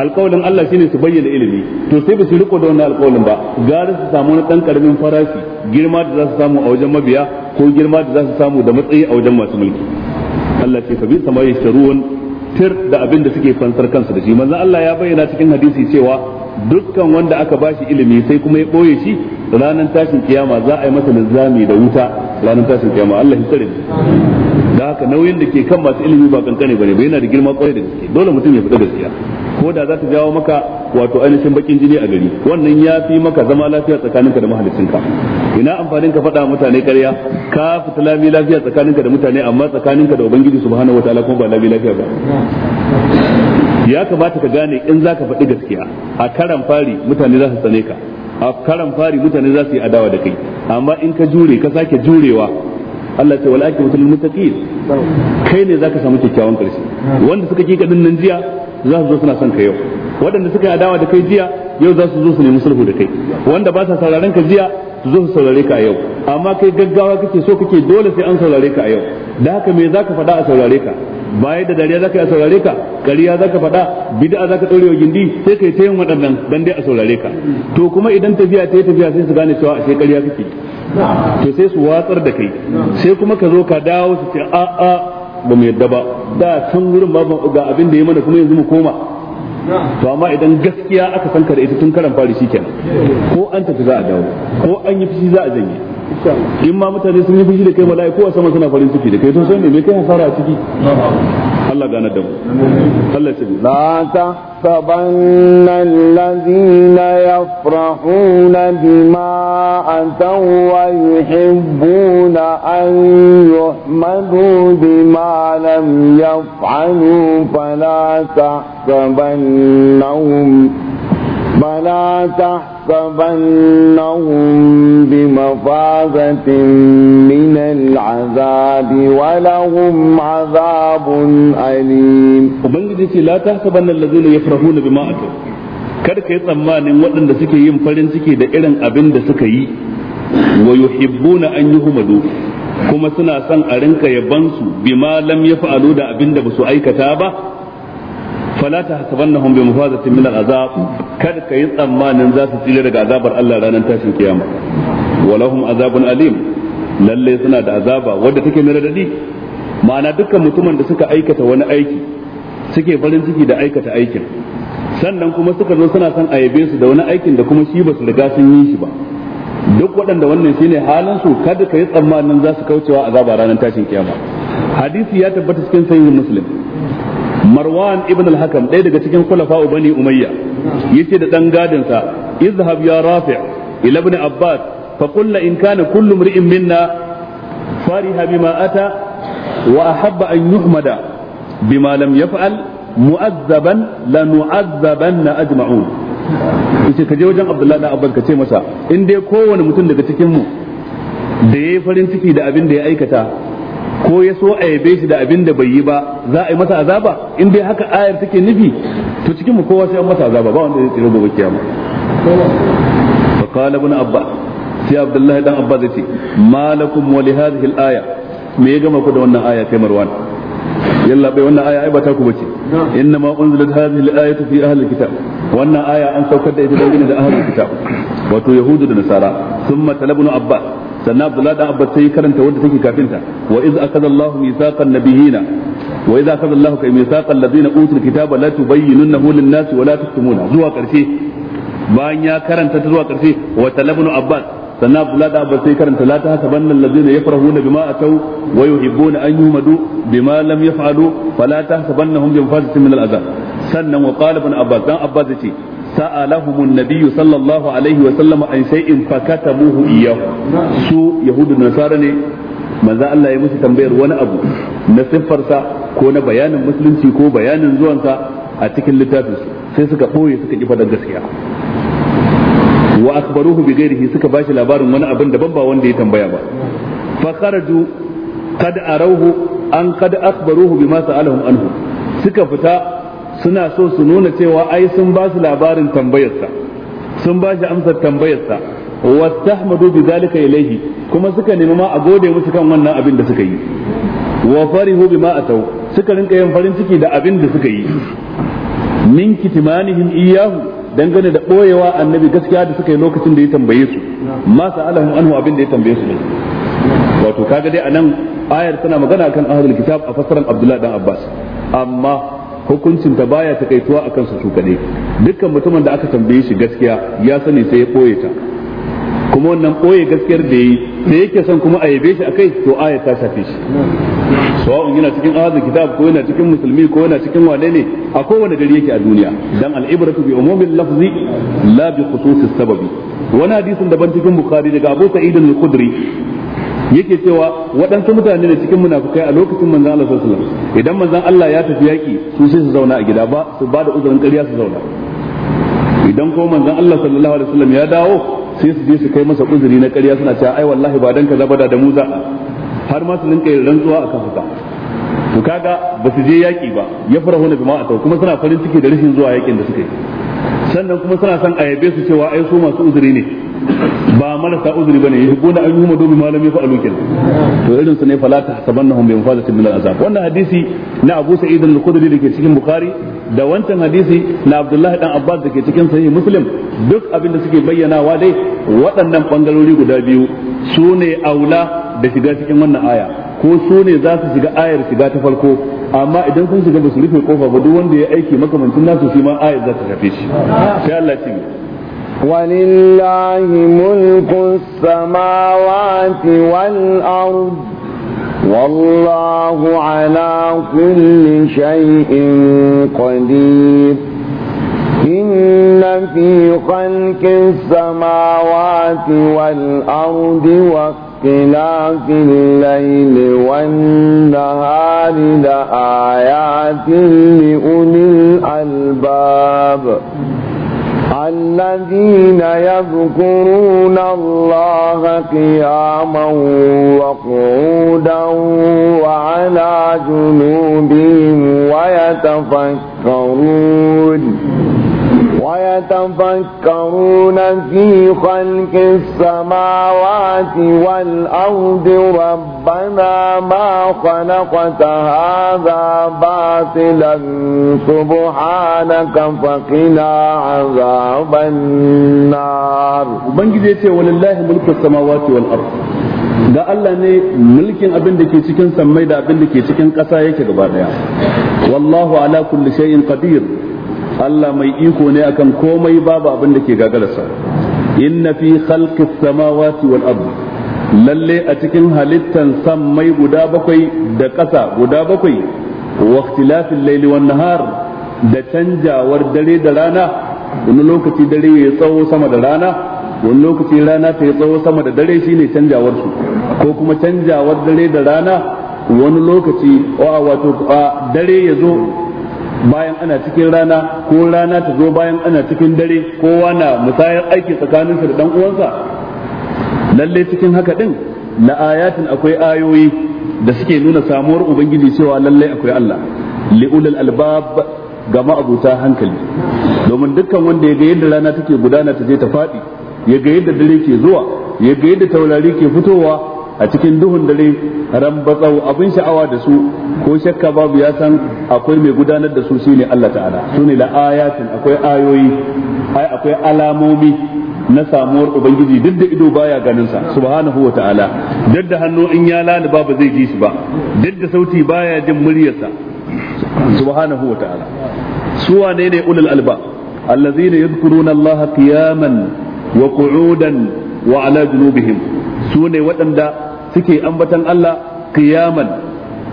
alƙawalin Allah shine su bayyana ilimi to sai ba su riko da wannan alƙawalin ba gara su samu na ɗan karamin farashi girma da za su samu a wajen mabiya ko girma da za su samu da matsayi a wajen masu mulki Allah ce fa bi sama sharuwan tir da abin da suke fansar kansu da shi manzon Allah ya bayyana cikin hadisi cewa dukkan wanda aka bashi ilimi sai kuma ya boye shi ranar tashin kiyama za a yi masa nizami da wuta ranar tashin kiyama Allah ya tsare da haka nauyin da ke kan masu ilimi ba kankane bane ba yana da girma kwarai da gaske dole mutum ya fita gaskiya ko da za ta jawo maka wato ainihin bakin jini a gari wannan ya fi maka zama lafiya tsakaninka da mahalicinka ina amfanin ka faɗa mutane ƙarya ka fita lafiya lafiya tsakaninka da mutane amma tsakaninka da ubangiji subhanahu wataala kuma ba lami lafiya ba ya kamata ka gane in za ka faɗi gaskiya a karan fari mutane za su tsane ka a karan fari mutane za su yi adawa da kai amma in ka jure ka sake jurewa Allah ce walaki mutul mutaqin kai ne zaka samu kyakkyawan karshe wanda suka kika din nan jiya za su zo suna son ka yau waɗanda suka yi adawa da kai jiya yau za su zo su nemi sulhu da kai wanda ba sa sauraron ka jiya su zo saurare ka a yau amma kai gaggawa kake so kake dole sai an saurare ka a yau da haka me zaka fada a saurare ka baya da dariya zaka yi a saurare ka ƙarya zaka faɗa bid'a zaka ɗore wa gindi sai kai tayin yin waɗannan dan dai a saurare ka to kuma idan tafiya ta tafiya sai su gane cewa a sai ƙarya kake to sai su watsar da kai sai kuma ka zo ka dawo su ce a'a ba mu yadda ba da san wurin babban ga abin da ya mana kuma yanzu mu koma to amma idan gaskiya aka san da ita tun karan fari shikenan ko an tafi za a dawo ko an yi fushi za a janye in ma mutane sun yi fushi da kai mala'iku a sama suna farin ciki da kai to sai me kai hasara a ciki Allah gane da mu Allah ya ce la tahsabanna alladhina yafrahuna bima ataw wa yuhibbuna an yuhmadu bima lam yaf'alu fala tahsabannahum فلا تحسبنهم بمفازة من العذاب ولهم عذاب أليم وبنجد لا تحسبن الذين يفرحون بما أتوا kar ka yi tsammanin waɗanda suke yin farin ciki da irin abin da suka yi wa yuhibbuna an yuhmadu kuma suna son a rinka yabansu bima lam yaf'alu da abin da basu aikata ba fala hasabannahum bi mufazatin min al'azab kada ka yi tsammanin za su tsira daga azabar Allah ranar tashin kiyama walahum azabun alim lalle suna da azaba wadda take mai radadi ma'ana dukkan mutumin da suka aikata wani aiki suke farin ciki da aikata aikin sannan kuma suka zo suna son a yabe su da wani aikin da kuma shi ba su riga sun yi shi ba duk waɗanda wannan shine halin su kada ka yi tsammanin za su kaucewa azaba ranar tashin kiyama hadisi ya tabbata cikin sahihin muslim marwan ibn al-hakam ɗaya daga cikin khulafa bani umayya yace da dan gadinsa izhab ya rafi' ila ibn abbas fa in kana kullu mri'in minna fariha bima ata wa ahabba an yuhmada bima lam yaf'al mu'azzaban lanu'azzabanna ajma'un yace ka je wajen abdullahi dan abbas ka ce masa in dai kowane mutum daga cikin mu da yayi farin ciki da abin da ya aikata ko ya so a yabe shi da abin da bai yi ba za a yi masa azaba in dai haka ayar take nufi to cikin mu kowa sai an masa azaba ba wanda zai tsira gobe kiyama fa qala ibn Abba? sai abdullahi dan abbas yace malakum wa li hadhihi al-aya me ya gama ku da wannan aya kai marwan yalla bai wannan aya ai ba ta ku bace inna ma unzilat hadhihi al-ayatu fi ahli al-kitab wannan aya an saukar da ita dangane da ahli al-kitab wato yahudu da nasara thumma talabnu abba. sannan Abdullah dan Abbas sai karanta wanda take kafin ta wa iz akada Allahu mithaqan nabiyina wa iz akada Allahu kay mithaqal ladina utul kitaba la tubayyinunahu lin-nas wa la tuktumuna zuwa karshe bayan ya karanta ta zuwa karshe wa talabnu Abbas sannan Abdullah dan Abbas sai karanta la tahsabanna alladhina yafrahuna bima ataw wa yuhibbuna an yuhmadu bima lam yaf'alu fala tahsabannahum bi mafasatin min al-azab sannan wa qala ibn Abbas dan Abbas yace sa'alahum an-nabiy sallallahu alaihi wa sallam an shay'in fakatabuhu iyyahu su yahudu nasara ne manzo Allah ya musu tambayar wani abu na siffarsa ko na bayanin musulunci ko bayanin zuwansa a cikin littafin sai suka boye suka ki fadar gaskiya wa akbaruhu bi suka bashi labarin wani abin daban ba wanda ya tambaya ba fa kharaju qad an anhu suka fita suna so su nuna cewa ai sun ba su labarin tambayarsa sun ba shi amsar tambayarsa wastahmadu bi zalika ilayhi kuma suka nemi ma a gode musu kan wannan abin da suka yi wa farihu bima atau suka rinka yin farin ciki da abin da suka yi min kitmanihim iyahu dangane da boyewa annabi gaskiya da suka yi lokacin da ya tambaye su ma sa'alahum anhu abin da ya tambaye su wato kaga dai anan ayar tana magana kan ahlul kitab a fasaran abdullahi dan abbas amma hukuncin ta baya takaituwa akan su su dukkan mutumin da aka tambaye shi gaskiya ya sani sai ya boye ta kuma wannan ɓoye gaskiyar da yi da yake son kuma a yabe shi akai to aya ta shafe shi sawa'un yana cikin azan kitab ko yana cikin musulmi ko yana cikin wane ne a kowane gari yake a duniya dan al'ibratu bi umumil lafzi la bi khususis sababi wani hadisin daban cikin bukhari daga abu sa'id al-khudri yake cewa waɗansu mutane da cikin munafukai a lokacin manzon Allah sallallahu alaihi idan manzon Allah ya tafi yaki su sai su zauna a gida ba su ba da uzurin ƙarya su zauna idan ko manzon Allah sallallahu alaihi wasallam ya dawo sai su je su kai masa uzuri na ƙarya suna cewa ai wallahi ba dan kaza ba da mu za har ma su ninka rantsuwa akan haka to kaga ba su je yaki ba ya farahu na jama'a atau kuma suna farin ciki da rashin zuwa yakin da suka yi sannan kuma suna son a yabe su cewa ai su masu uzuri ne ba marasa uzuri bane ya gona an yuma dobi malami fa alukin to irin su ne fala ta hasabannahum bi mufazati min al'azab wannan hadisi na Abu Sa'id al-Khudri dake cikin Bukhari da wancan hadisi na Abdullahi dan Abbas dake cikin Sahih Muslim duk abin da suke bayyanawa dai waɗannan bangarori guda biyu su ne aula da shiga cikin wannan aya ko su ne za su shiga ayar shiga ta farko amma idan sun shiga ba su rufe kofa ba duk wanda ya aiki makamancin nasu shi ma ayar za ta shafe shi sai Allah ya ولله ملك السماوات والأرض والله على كل شيء قدير إن في خلق السماوات والأرض واختلاف الليل والنهار لآيات لأولي الألباب الذين يذكرون الله قياما وقعودا وعلى جنوبهم ويتفكرون ويتفكرون في خلق السماوات والأرض ربنا ما خلقت هذا باطلا سبحانك فقنا عذاب النار وبنجي ولله ملك السماوات والأرض da Allah ne mulkin abin da ke cikin sammai da abin da ke cikin ƙasa yake gaba daya wallahu ala kulli shay'in qadir Allah mai iko ne akan komai babu abin da ke gagararsa inna fi khalqis samawati wal ard lalle a cikin halittan mai guda bakwai da ƙasa guda bakwai wa ikhtilafil layli wan nahar da canjawar dare da rana wani lokaci dare ya tsawo sama da rana wani lokaci rana ta yi tsawo sama da dare shine canjawar su ko kuma canjawar dare da rana wani lokaci wato dare ya zo bayan ana cikin rana ko rana ta zo bayan ana cikin dare kowa na musayar aiki tsakanin tsakaninsa da dan uwansa lalle cikin haka din la ayatin akwai ayoyi da suke nuna samuwar ubangiji cewa lalle akwai Allah li'ulul albab ga ma'abuta hankali domin dukkan wanda ya ga yadda rana take gudana ta je ta faɗi ya ga yadda dare ke zuwa ya ga yadda taurari ke fitowa a cikin duhun dare rambatsau abin sha'awa da su ko shakka babu ya san akwai mai gudanar da su shine Allah ta'ala sune la ayatin akwai ayoyi ai akwai alamomi na samuwar ubangiji duk da ido baya ganin sa subhanahu wa ta'ala duk da hannu in ya laluba ba zai ji su ba duk da sauti baya jin muryarsa subhanahu wa ta'ala su wane ne ulul alba allazina yadhkuruna allaha qiyaman wa qu'udan wa ala junubihim su ne waɗanda suke ambatan Allah qiyaman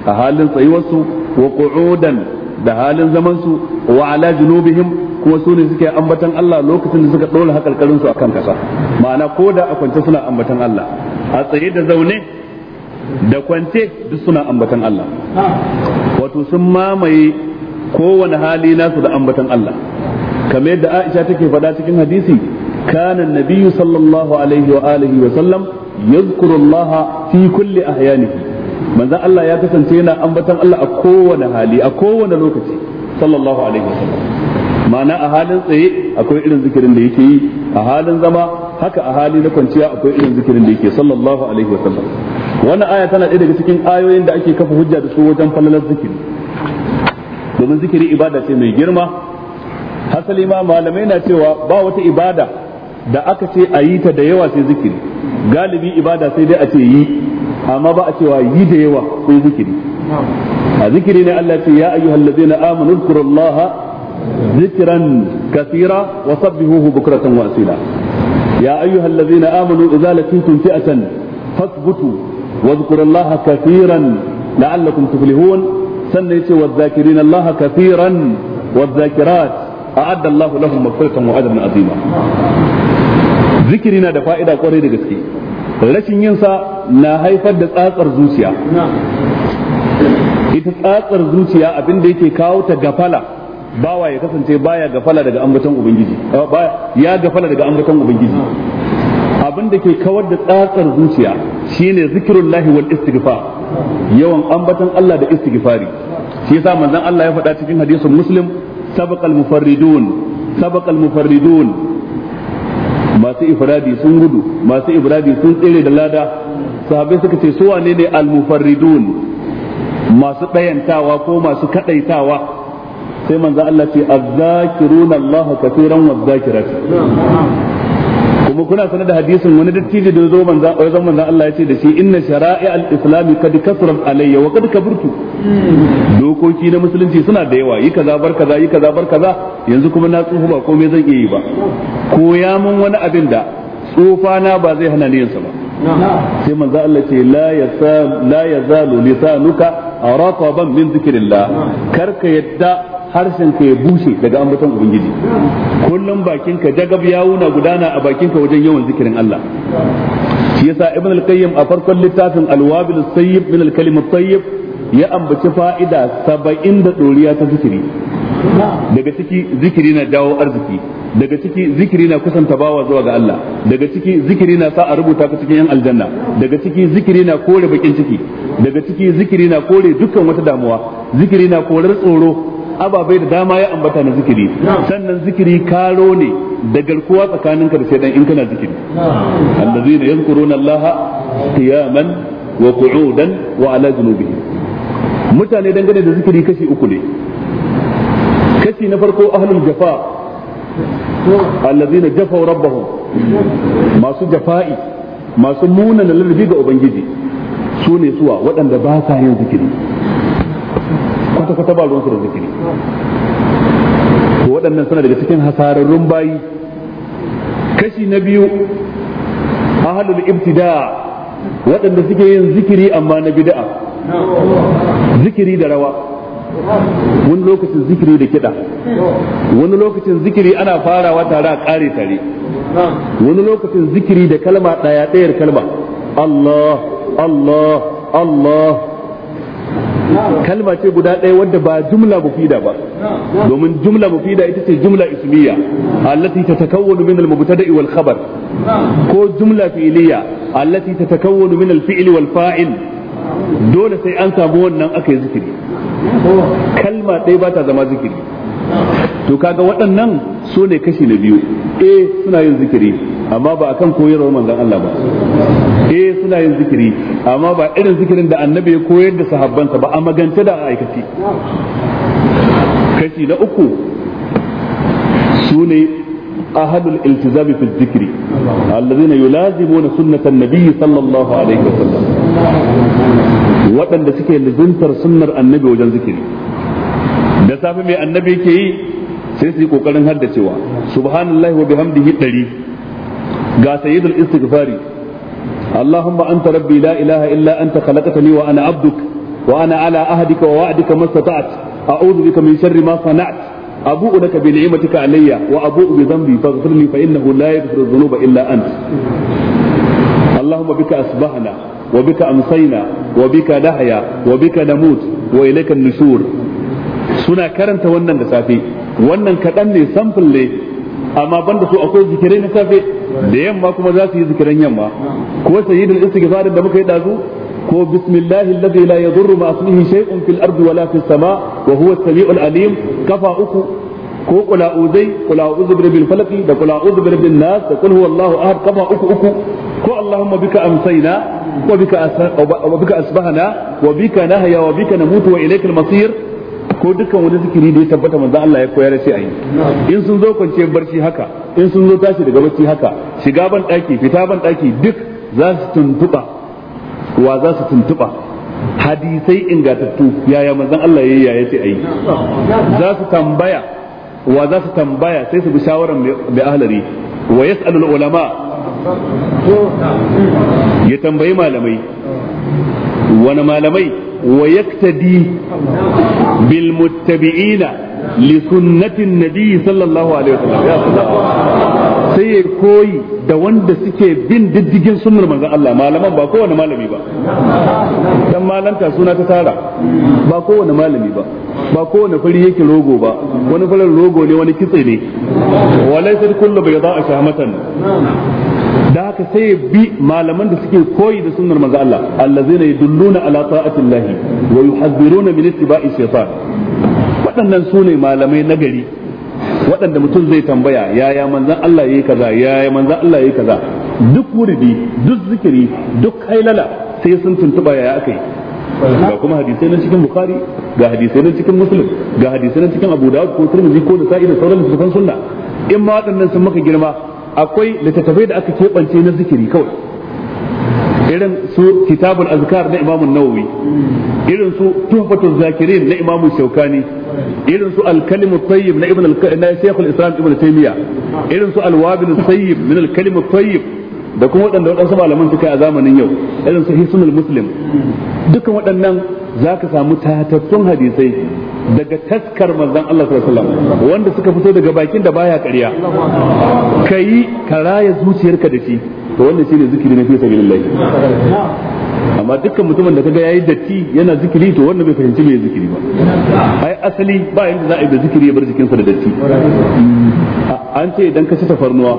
a halin tsayuwarsu wa qu'udan da halin zamansu wa ala junubihim kuma su ne suke ambatan Allah lokacin da suka dole hakalkarin su akan kasa ma'ana ko da a kwance suna ambatan Allah a tsaye da zaune da kwance duk suna ambatan Allah wato sun mamaye kowane hali nasu da ambatan Allah kamar yadda Aisha take faɗa cikin hadisi kana nabiyyu sallallahu alaihi wa alihi wa sallam yadhkuru Allah fi kulli ahyanihi manzon Allah ya kasance yana ambaton Allah a kowane hali a kowane lokaci sallallahu alaihi wasallam ma'ana a halin tsaye akwai irin zikirin da yake yi a halin zama haka a hali na kwanciya akwai irin zikirin da yake sallallahu alaihi wasallam wannan aya tana ɗaya daga cikin ayoyin da ake kafa hujja da su wajen fallalar zikiri domin zikiri ibada ce mai girma hasali ma malamai na cewa ba wata ibada da aka ce a yi ta da yawa sai zikiri galibi ibada sai dai a ce yi amma ba a cewa yi da yawa ko zikiri a zikiri ne Allah ce ya ayyuhal ladzina amanu zkurullaha zikran kathira wa sabbihuhu bukratan wa asila ya ayyuhal ladzina amanu idza laqitum fi'atan fasbutu wadhkurullaha kathiran la'allakum tuflihun sannan yace wadh-dhakirina Allah kathiran wadh-dhakirat a'adda Allah lahum maghfiratan wa ajran azima zikiri na da fa'ida kwarai da gaske rashin yin sa na haifar da tsatsar zuciya ita tsatsar zuciya abin da yake kawo ta gafala bawa ya kasance baya gafala daga ambaton ubangiji ya gafala daga ambaton ubangiji abin da ke kawar da tsatsar zuciya shine zikirullahi wal istighfar yawan ambaton Allah da istighfari shi yasa manzon Allah ya faɗa cikin hadisin muslim sabaqal mufarridun sabaqal mufarridun masu ifradi sun gudu masu ifradi sun tsere da lada sahabbai suka ce su wane ne al-mufarridun masu ɗayantawa ko masu kadaitawa sai manzo Allah ce azzakiruna Allah kaseeran waz-zakirat kuma kuna sanar da hadisin wani dattijo da zo a o zan manzan Allah ya ce da shi inna shara'i al islami kad kasrat alayya wa kad kaburtu dokoki na musulunci suna da yawa yi kaza bar kaza yi kaza bar kaza yanzu kuma na tsufa ba komai zan iya yi ba koya mun wani abin da tsufa na ba zai hana ni yin sa ba sai manza Allah ce la yasa la yazalu lisanuka ban min kar karka yadda harshen ka ya bushe daga ambaton ubangiji kullum bakin ka ya wuna gudana a bakin ka wajen yawan zikirin Allah shi yasa ibn al-qayyim a farkon littafin al-wabil sayyib min al-kalim ya ambaci fa'ida 70 da doriya ta zikiri daga ciki zikiri na dawo arziki daga ciki zikiri na kusanta bawa zuwa ga Allah daga ciki zikiri na sa a rubuta ka cikin yan aljanna daga ciki zikiri na kore bakin ciki daga ciki zikiri na kore dukkan wata damuwa zikiri na korar tsoro ababai da dama ya ambata na zikiri sannan zikiri karo ne da garkuwa tsakaninka da shaidan in kana zikiri allazina allaha qiyaman wa qu'udan wa ala mutane dangane da zikiri kashi uku ne kashi na farko ahlul jafa allazina jafaw rabbahum masu jafa'i masu munana ladabi ga ubangiji su ne suwa waɗanda ba sa yin zikiri Ka kwata ba ruwansu da zikiri waɗannan suna daga cikin hasararrun bayi kashi na biyu ahalul ibtida waɗanda suke yin zikiri amma na bid'a zikiri da rawa wani lokacin zikiri da kiɗa wani lokacin zikiri ana farawa tare a ƙare tare wani lokacin zikiri da kalma ɗaya ɗayar kalma Allah Allah Allah kalma ce guda ɗaya wadda ba jumla mufida ba domin jumla mufida ita ce jumla ismiya allati tatakawwanu min al-mubtada'i wal khabar ko jumla fi'liya allati tatakawwanu min al-fi'li wal fa'il dole sai an samu wannan aka yi zikiri kalma ɗaya ba ta zama zikiri to kaga waɗannan su ne kashi na biyu eh suna yin zikiri amma ba akan koyarwar manzon Allah ba eh suna yin zikiri amma ba irin zikirin da annabi ya koyar da sahabbansa ba a magance da a aikace kashi na uku sune ahadul iltizami fi zikri alladhina yulazimuna sunnatan nabiyyi sallallahu alaihi wasallam waɗanda suke lizuntar sunnar annabi wajen zikiri da safe mai annabi yake yi sai su yi kokarin haddacewa subhanallahi wa bihamdihi ɗari ga sayyidul istighfari Allahumma rabbi la ilaha illa anta khalaqtani wa alayya wa abu bi dhanbi asbahna wa bika bika dahya wa bika namut wa suna karanta wannan da safi wannan kadan ne sample amma da su akwai zikirai na safe da yamma kuma za su yi zikiran yamma ko sayyidul istighfar da muka yi dazu ko bismillahi alladhi la yadurru ma ismihi shay'un fil ardi wala fis sama wa huwa as-sami'ul alim kafa uku ko qul a'udhu qul a'udhu bi rabbil falaq da qul a'udhu bi rabbin nas da qul huwallahu ahad kafa uku uku ko allahumma bika amsayna wa bika asbahna wa bika nahya wa bika namutu wa ilaykal masir ko dukkan wani zikiri da ya tabbata manzo Allah ya koyar sai ayi in sun zo kwance barci haka in sun zo tashi daga barci haka shiga ban daki fita ban daki duk za su tuntuba wa za su tuntuba hadisai ingatattu yaya manzon Allah yayi yaya sai ayi za su tambaya wa za su tambaya sai su bi shawaran mai ahlari wa yasalu ulama ya tambayi malamai wani malamai wa yaktadi bil muttabi'ina li sunnatin nabi sallallahu alaihi wasallam sai ya koyi da wanda suke bin diddigin sunnar manzon Allah malaman ba kowane malami ba dan malanta suna ta tara ba kowane malami ba ba kowane fari yake rogo ba wani farin rogo ne wani kitse ne walaysa kullu bayda'a shahmatan da haka sai ya bi malaman da suke koyi da sunnar manzo Allah allazina yadulluna ala ta'atillah wa yuhadhiruna min ittiba'i shaytan waɗannan su ne malamai nagari waɗanda mutum zai tambaya yaya manzon Allah yayi kaza yaya manzon Allah yayi kaza duk wuridi duk zikiri duk kailala sai sun tuntuba yaya akai ga kuma hadisai nan cikin bukhari ga hadisai nan cikin muslim ga hadisai nan cikin abu dawud ko tirmidhi ko nasa'i da sauran littattafan sunna in ma waɗannan sun maka girma akwai littattafai da aka keɓance na zikiri kawai irin su kitabul azkar na imamun nawawi irin su tuhfatul zakirin na imamun shaukani irin su Alkalimu kalimu tayyib na ibn na shaykhul islam ibn taymiya irin su al-wabil tayyib min Alkalimu kalimu tayyib da kuma waɗanda waɗansu malaman suka yi a zamanin yau irin su hisnul muslim dukkan waɗannan zaka samu tatattun hadisai daga taskar manzon Allah sallallahu alaihi wasallam wanda suka fito daga bakin da baya ƙarya kai ka raya zuciyarka da shi to wannan shine zikiri na fi sabilillah amma dukkan mutumin da kaga yayi datti yana zikiri to wannan bai fahimci me zikiri ba ai asali ba yanda za a yi da zikiri ya bar jikinsa da datti an ce idan ka ci tafarnuwa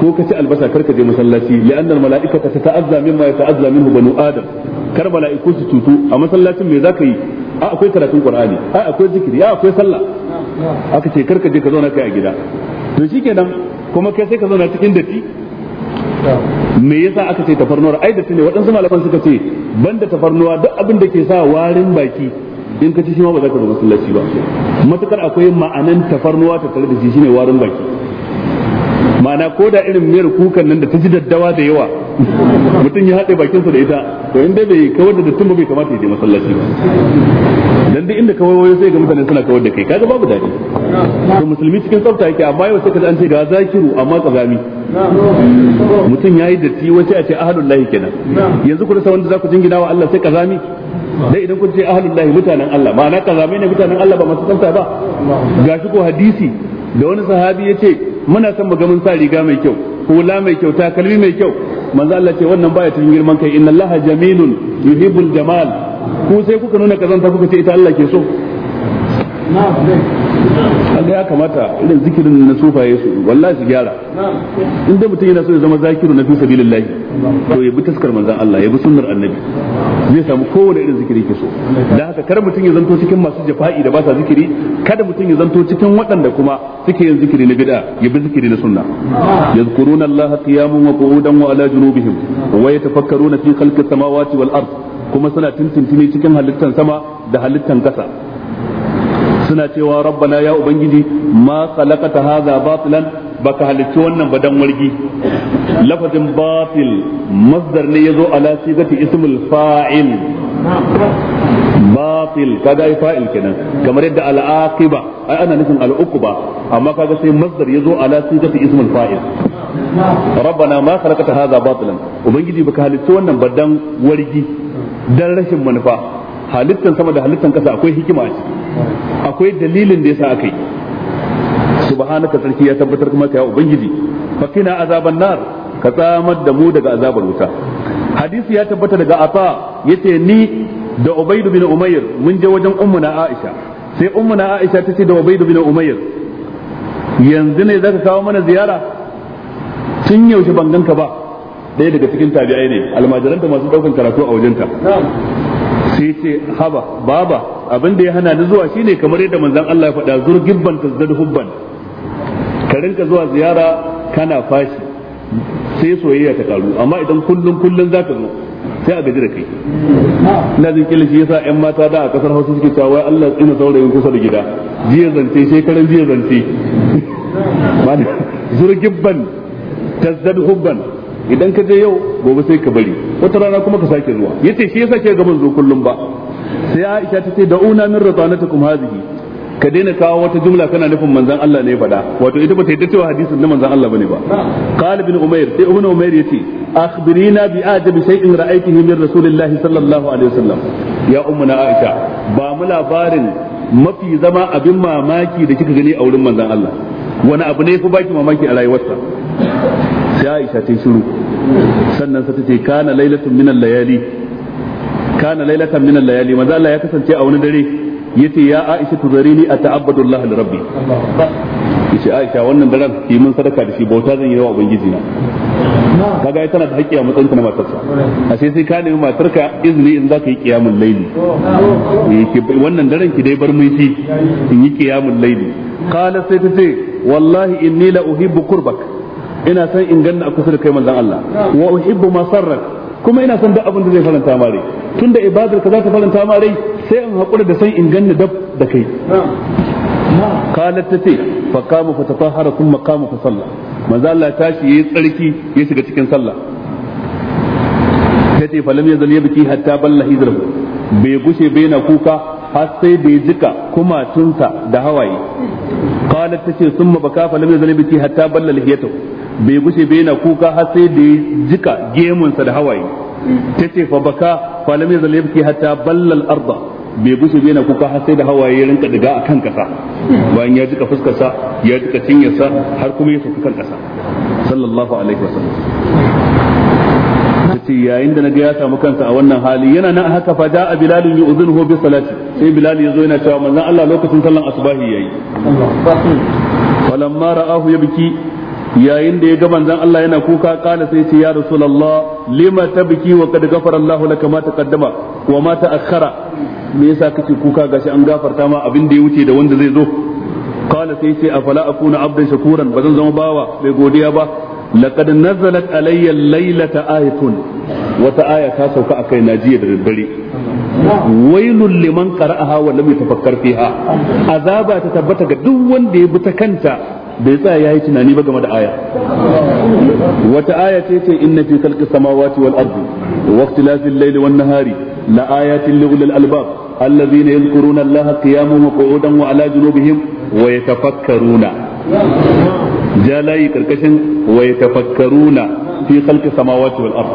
ko ka ci albasa kar ka je masallaci li'annal mala'ikata tata'azza mimma yata'azza minhu banu adam kar mala'iku su tutu a masallacin me zaka yi a akwai karatun qur'ani a akwai zikiri a akwai sallah aka ce kar ka je ka zauna kai a gida to shikenan kuma kai sai ka zauna cikin datti me yasa aka ce tafarnuwar ai datti ne waɗansu malaman suka ce banda tafarnuwa duk abin da ke sa warin baki in ka ci shi ma ba za ka zo masallaci ba matukar akwai ma'anan tafarnuwa ta tare da shi shine warin baki ma'ana ko da irin miyar kukan nan da ta ji daddawa da yawa mutum ya haɗe bakin sa da ita to inda bai kawar da dattin ba bai kamata ya je masallaci ba dan duk inda kawai wayo sai ga mutane suna kawar da kai kaga babu daɗi to musulmi cikin tsafta yake amma yau sai ka an ce ga zakiru amma kazami mutum yayi datti wace a ce ahadullahi kenan yanzu ku rasa wanda za ku jingina wa Allah sai kazami dai idan kun ce ahalullahi mutanen Allah ma'ana kazamai ne mutanen Allah ba masu tsafta ba gashi ko hadisi da wani sahabi ya ce muna son mu ga mun sa riga mai kyau hula mai kyau takalmi mai kyau manzo Allah ce wannan baya cikin girman kai inna Allah jamilun yuhibbul jamal ku sai kuka nuna kazanta kuka ce ita Allah ke so Allah ya kamata irin zikirin na sufaye su wallahi su gyara inda mutum yana so ya zama zakiru na fi sabilillah to ya bi taskar manzon Allah ya bi sunnar annabi zai samu kowane irin zikiri ke so da haka kar mutum ya zanto cikin masu jafa'i da ba sa zikiri kada mutum ya zanto cikin waɗanda kuma suke yin zikiri na bid'a ya bi zikiri na sunna yazkuruna allaha qiyaman wa qu'udan wa ala junubihim wa yatafakkaruna fi khalqis samawati wal ard kuma suna tuntuntuni cikin halittan sama da halittan kasa suna cewa rabbana ya ubangiji ma haza hadha batilan baka halicci wannan ba dan wargi lafazin batil masdar ne ya yazo ala sigati ismul fa'il batil kaga ai fa'il kenan kamar yadda al'aqiba ai ana nufin al'uqba amma kaga sai masdar yazo ala sigati ismul fa'il rabbana ma khalaqta hadha batilan ubangiji baka halicci wannan ba dan wargi dan rashin manufa halittan sama da halittan kasa akwai hikima a akwai dalilin da yasa aka yi subhanaka sarki ya tabbatar kuma ka ya ubangiji fakina azaban nar ka tsamar da mu daga azabar wuta hadisi ya tabbata daga ata yace ni da ubaid bin umayr mun je wajen na aisha sai na aisha ta ce da ubaid bin umayr yanzu ne zaka kawo mana ziyara tun yaushe ban ganka ba ɗaya daga cikin tabi'ai ne da masu daukan karatu a wajenta sai ce haba baba abin da ya hana ni zuwa shine kamar yadda manzon Allah ya faɗa zurgibban tazdad hubban ka rinka zuwa ziyara kana fashi sai soyayya ta karu amma idan kullum kullum za ka zo sai a gaji da kai ina jin kila shi yasa yan mata da a kasar hausa suke cewa wai Allah ina saurayin kusa da gida jiya zance shekaran jiya zance ban, tazdad hubban idan ka je yau gobe sai ka bari wata rana kuma ka sake zuwa yace shi yasa ke gaban zo kullum ba sai Aisha ta ce da'una min radanatukum hadhihi ka daina kawo wata jumla kana nufin manzan Allah ne faɗa wato ita ba ta yadda cewa hadisin na manzan Allah bane ba qala ibn umayr sai ibn umayr yace akhbirina bi ajab shay'in ra'aytihi min rasulillahi sallallahu alaihi wasallam ya ummuna aisha ba mu labarin mafi zama abin mamaki da kika gani a wurin manzan Allah wani abu ne ya baki mamaki a rayuwarsa sai Aisha ta shiru sannan sa tace kana lailatun minal layali kana lailatan minal layali manzo Allah ya kasance a wani dare yace ya Aisha tuzarini ta'abbadu Allah li rabbi yace Aisha wannan daren ki mun sadaka da shi bauta zan yi wa ubangiji na kaga tana da haƙƙi a matsayin na matarsa a sai ka nemi matarka izini in zaka yi qiyamul layli eh, wannan daren ki dai bar mu yi in yi qiyamul layli qala sai ta ce wallahi inni la uhibbu qurbak ina son in ganna a kusa da kai manzon Allah wa uhibbu masarrak kuma ina son duk abin da zai faranta ma rai tunda ibadar ka za ta faranta ma rai sai in haƙura da san in ganni dab da kai kalat ta ce fa kama fa tatahara kuma kama fa sallah manzo Allah tashi yayi tsarki ya shiga cikin sallah ta ce fa lam yazal yabki hatta balla hijrahu bai gushe be na kuka har sai da ya kuma kumatunsa da hawaye qalat ta ce summa baka fa lam yazal yabki hatta balla lihiyatahu bai gushe be na kuka har sai da ya jika gemunsa da hawaye ta ce fa baka fa lam yazal yabki hatta balla al-ardh bai bushe bai na kuka har sai da hawaye ya rinka diga a kan kasa bayan ya jika fuskarsa ya jika cinyarsa har kuma ya sauka kan kasa sallallahu alaihi wasallam ce yayin da naga ya samu kansa a wannan hali yana nan haka fa ja'a bilal yu'dhinuhu bi salati sai bilal yazo yana cewa manzon Allah lokacin sallan asubahi yayi falamma ra'ahu yabki yayin da ya ga manzon Allah yana kuka kala sai ce ya rasulullah lima tabki wa qad ghafara Allah laka ma taqaddama wa ma ta'akhkhara me yasa kake kuka gashi an gafarta ma abin da ya wuce da wanda zai zo qala sai sai afala akuna abdan shakuran bazan zama bawa mai godiya ba laqad nazalat alayya laylata ayatun wata aya ta sauka a kai najiya da daddare wailul liman qara'aha wa lam yatafakkar fiha azaba ta tabbata ga duk wanda ya bi ta kanta bai tsaya yayi tunani ba game da aya wata aya ce ce inna fi khalqis samawati wal ardi wa ikhtilafil layli wan nahari لآيات لأولي الألباب الذين يذكرون الله قياما وقعودا وعلى جنوبهم ويتفكرون جالاي كركشن ويتفكرون في خلق السماوات والأرض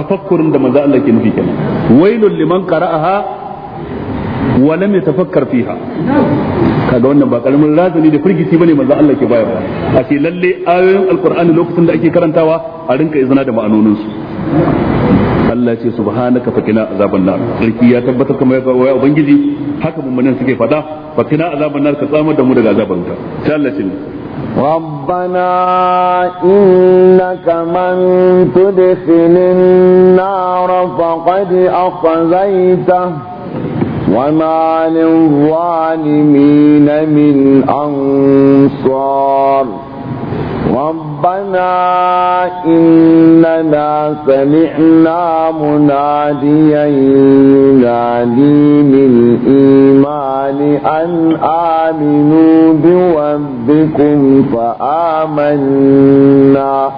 تفكر عندما ذا الله في كلام ويل لمن قرأها ولم يتفكر فيها kaga wannan ba karamin razani da firgici bane manzo Allah ke bayarwa a ce lalle ayoyin alqur'ani lokacin da ake karantawa a rinka izina da ma'anoninsu Allah ce subhanaka fakina azaban nar sarki ya tabbatar kamar ya faɗa ubangiji haka mummunan suke fada fakina azaban nar ka tsamar da mu daga azaban ka sai Allah ce ربنا إنك من تدخل النار فقد أخزيته وما للظالمين من أنصار ربنا إننا سمعنا مناديا ينادي للإيمان أن آمنوا بربكم فآمنا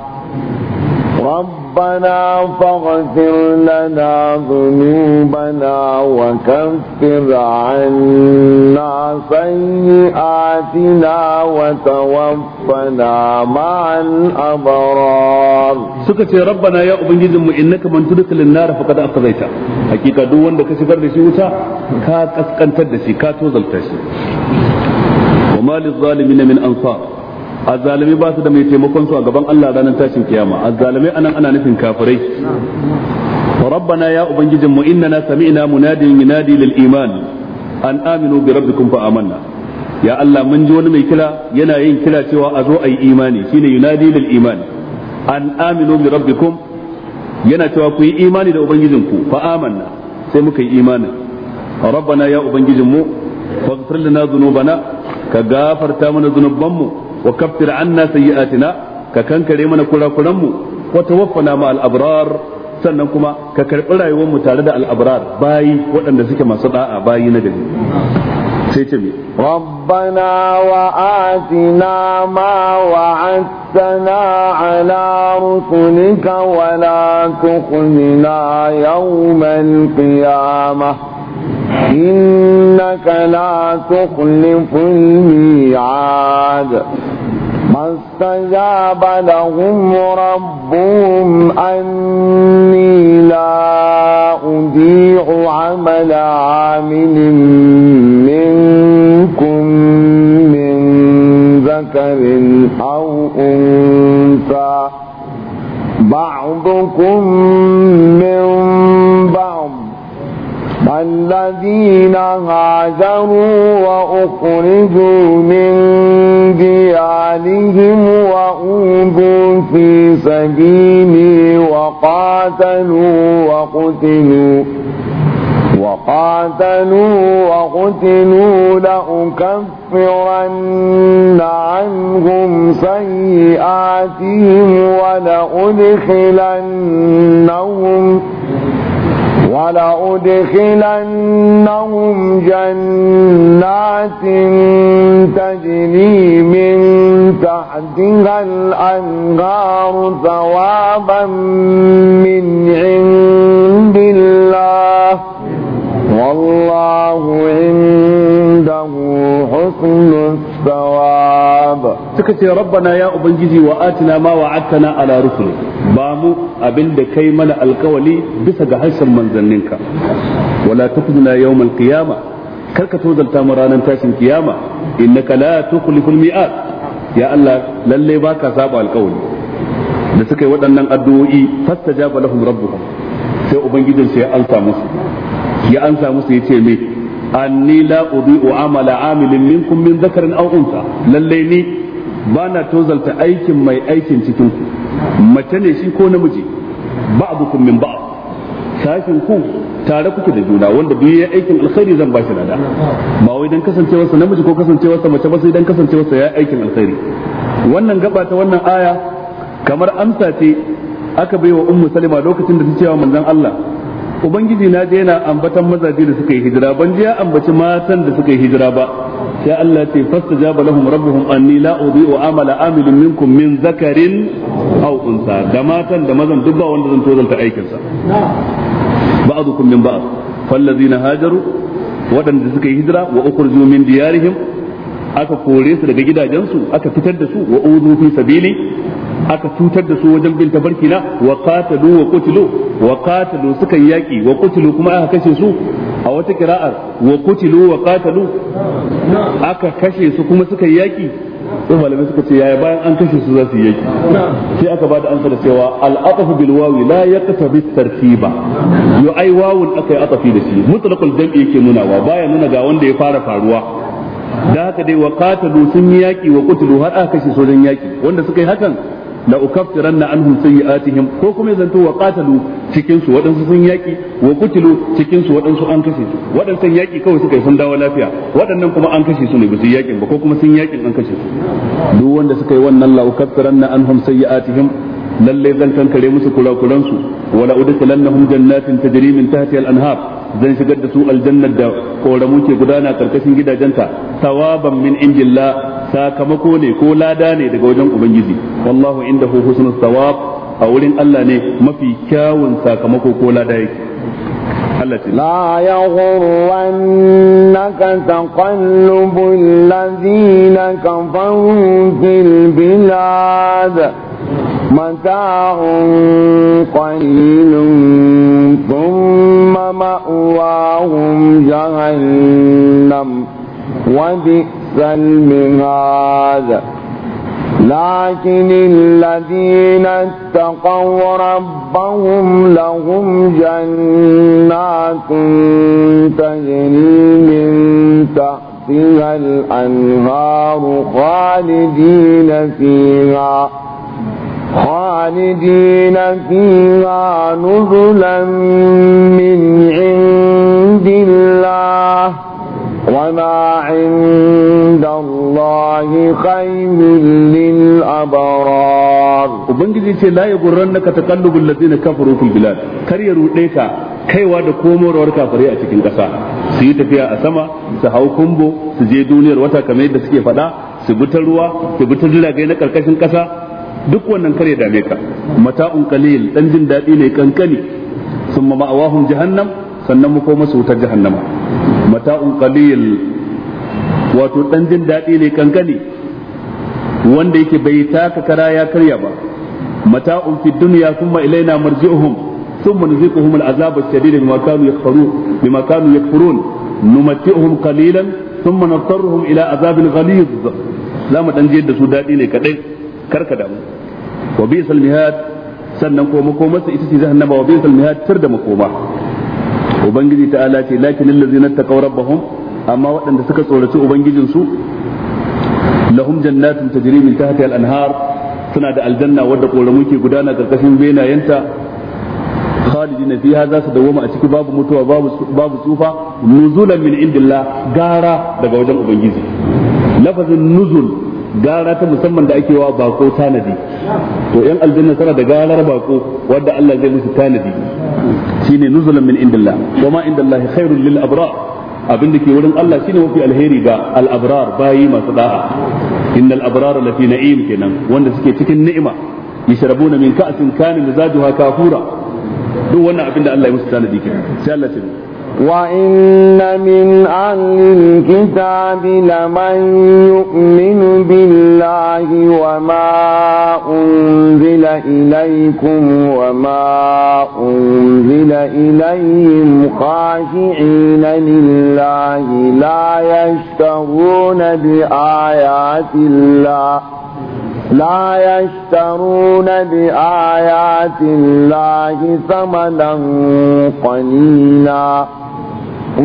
رب ربنا فاغفر لنا ذنوبنا وكفر عنا سيئاتنا وتوفنا مع الأبرار سكت يا ربنا يا أبن جزم إنك من تدخل النار فقد أقضيتها حقيقة دون دك سفر دشي وتا كاك أسكنت دشي كاتوزل تشي وما للظالمين من أنصار azzalami ba su da mai taimakon su a gaban Allah ranar tashin kiyama azzalami anan ana nufin kafirai rabbana ya ubangijin mu innana sami'na munadin yunadi lil iman an aminu bi rabbikum fa amanna ya Allah mun ji wani mai kira yana yin kira cewa a zo ayi imani shine yunadi lil iman an aminu bi rabbikum yana cewa ku yi imani da ubangijin ku fa amanna sai muka yi imani rabbana ya ubangijin mu faghfir lana dhunubana ka gafarta mana dhunubanmu وكفر عنا سيئاتنا sayyi'atina ka kankare كلامه وتوفنا مع الأبرار sannan kuma ka karbi rayuwar mu tare da al-abrar bayi waɗanda suke masu da'a bayi na gari sai ce rabbana wa atina ma wa'adtana ala rusulika wa la tukhzina yawmal qiyamah la tukhlifu al mi'ad ما استجاب لهم ربهم أني لا أضيع عمل عامل منكم من ذكر أو أنثى بعضكم من بعض الذين هاجروا وأخرجوا من ديارهم وأوذوا في سبيلي وقاتلوا وقتلوا وقاتلوا وقتلوا لأكفرن عنهم سيئاتهم ولأدخلنهم ولأدخلنهم جنات تجري من تحتها الأنهار ثوابا من عند الله والله عنده حسن thawab suka ce rabbana ya ubangiji wa ma wa'adtana ala rusul ba mu abinda kai mana alkawali bisa ga harshen manzanninka wala tukhzina yawmal qiyama kar ka tozalta mu ranar tashin kiyama innaka la tukhliful mi'ad ya allah lalle baka saba alkawali da suka waɗannan addu'o'i fastajaba lahum rabbuhum sai ubangijin sai ya amsa musu ya amsa musu yace me anni la udi'u amala amilin minkum min zakarin aw unsa lalle ni ba na tozalta aikin mai aikin cikin ku mace ne shi ko namiji ba'dukum min ku tare kuke da juna wanda duk ya aikin alkhairi zan bashi lada ba wai dan kasancewar sa namiji ko kasancewar sa mace ba sai dan kasancewar sa ya aikin alkhairi wannan gaba ta wannan aya kamar amsa ce aka bai wa ummu salima lokacin da ta ce wa manzon Allah ubangiji na je yana ambatan mazaje da suka yi hijira ban je ya ambaci matan da suka yi hijira ba sai Allah ce fastajaba lahum rabbuhum anni la udhi'u amala amilun minkum min zakarin aw unsa da matan da mazan duk ba wanda zan tozanta aikin sa ba'dukum min ba'd fallazina hajaru waɗanda suka yi hijira wa ukhrijū min diyarihim aka kore su daga gidajensu aka fitar da su wa uzu fi sabili aka cutar da su wajen bin tabarki na wa qatalu wa qutilu wa qatalu suka yaki wa qutilu kuma aka kashe su a wata kira'ar wa qutilu wa qatalu aka kashe su kuma suka yaki to malamai suka ce yaya bayan an kashe su za su yaki sai aka bada amsa da cewa al-ataf bil wawi la yaqtabi tartiba yo ai wawun aka yi atafi da shi mutlaqul jam'i yake nuna wa baya nuna ga wanda ya fara faruwa da haka dai wa qatalu sun yaki wa qutilu har aka kashe su dan yaki wanda suka yi hakan la ukaffiranna anhum sayyi'atihim ko kuma zanto wa qatalu cikin su waɗansu sun yaki wa kutilu cikin su waɗansu an kashe su waɗannan yaki kawai suka yi sun dawo lafiya waɗannan kuma an kashe su ne ba su yakin ba ko kuma sun yakin an kashe su duk wanda suka yi wannan la ukaffiranna anhum sayyi'atihim lalle zan kankare musu kurakuransu wala udkhilannahum jannatin tajri min tahtiha al-anhar zan shigar da su aljannar da koramu ke gudana karkashin gidajenta tawaban min indillah sakamako ne ko lada ne daga wajen ubangiji wallahu indahu husnul thawab a wurin Allah ne mafi kyawun sakamako ko lada yake لا يغرنك taqallubul ladina كفروا في bilad متاع قليل ثم مأواهم جهنم وبئس المهاد لكن الذين اتقوا ربهم لهم جنات تجري من تحتها الأنهار خالدين فيها خالدين فيها نزلا من عند الله وما عند الله خير للأبرار وبنجي لا يغرنك تقلب الذين كفروا في البلاد كرير ديكا kaiwa da komowar kafare a cikin ƙasa su yi tafiya a sama su hau kumbo su je duniyar wata kamar yadda suke faɗa su bi ta ruwa su bi ta jiragai na ƙarƙashin ƙasa duk wannan kare dame ka mata'un qalil dan jin dadi ne kankani thumma ma'awahum jahannam sannan mu koma su wutar jahannama mata'un qalil wato dan jin dadi ne kankani wanda yake bai taka kara ya karya ba mata'un fid dunya thumma ilaina marji'uhum thumma nuziquhum al'azab ash-shadid bima kanu yakfurun bima kanu yakfurun numatti'uhum qalilan thumma nadarruhum ila azabin ghalidh mu dan jin da su dadi ne kadai karka damu wa bi salmihat sannan ko makomarsa ita ce jahannama wa bi salmihat tar da makoma ubangiji ta'ala ce lakin allazina taqaw rabbahum amma waɗanda suka tsoraci ubangijin su lahum jannatun tajri min tahtiha al-anhar suna da aljanna wadda koramu ke gudana karkashin benayenta khalidina fiha za su dawoma a ciki babu mutuwa babu babu tsufa nuzulan min indillah gara daga wajen ubangiji lafazin nuzul gara ta musamman da ake wa bako tanadi to yan aljanna tana da garar bako wanda Allah zai musu tanadi shine nuzulan min indillah wama indallahi khairul lil abrar abin da ke wurin Allah shine mafi alheri ga al abrar bayi masu da'a innal abrar lafi na'im kenan wanda suke cikin ni'ima yashrabuna min ka'sin kana mizajuha kafura duk wannan abin da Allah ya musu tanadi kenan sai Allah ya وإن من أهل الكتاب لمن يؤمن بالله وما أنزل إليكم وما أنزل إليهم خاشعين لله لا يشترون بآيات الله لا يشترون بآيات الله ثمنا قليلا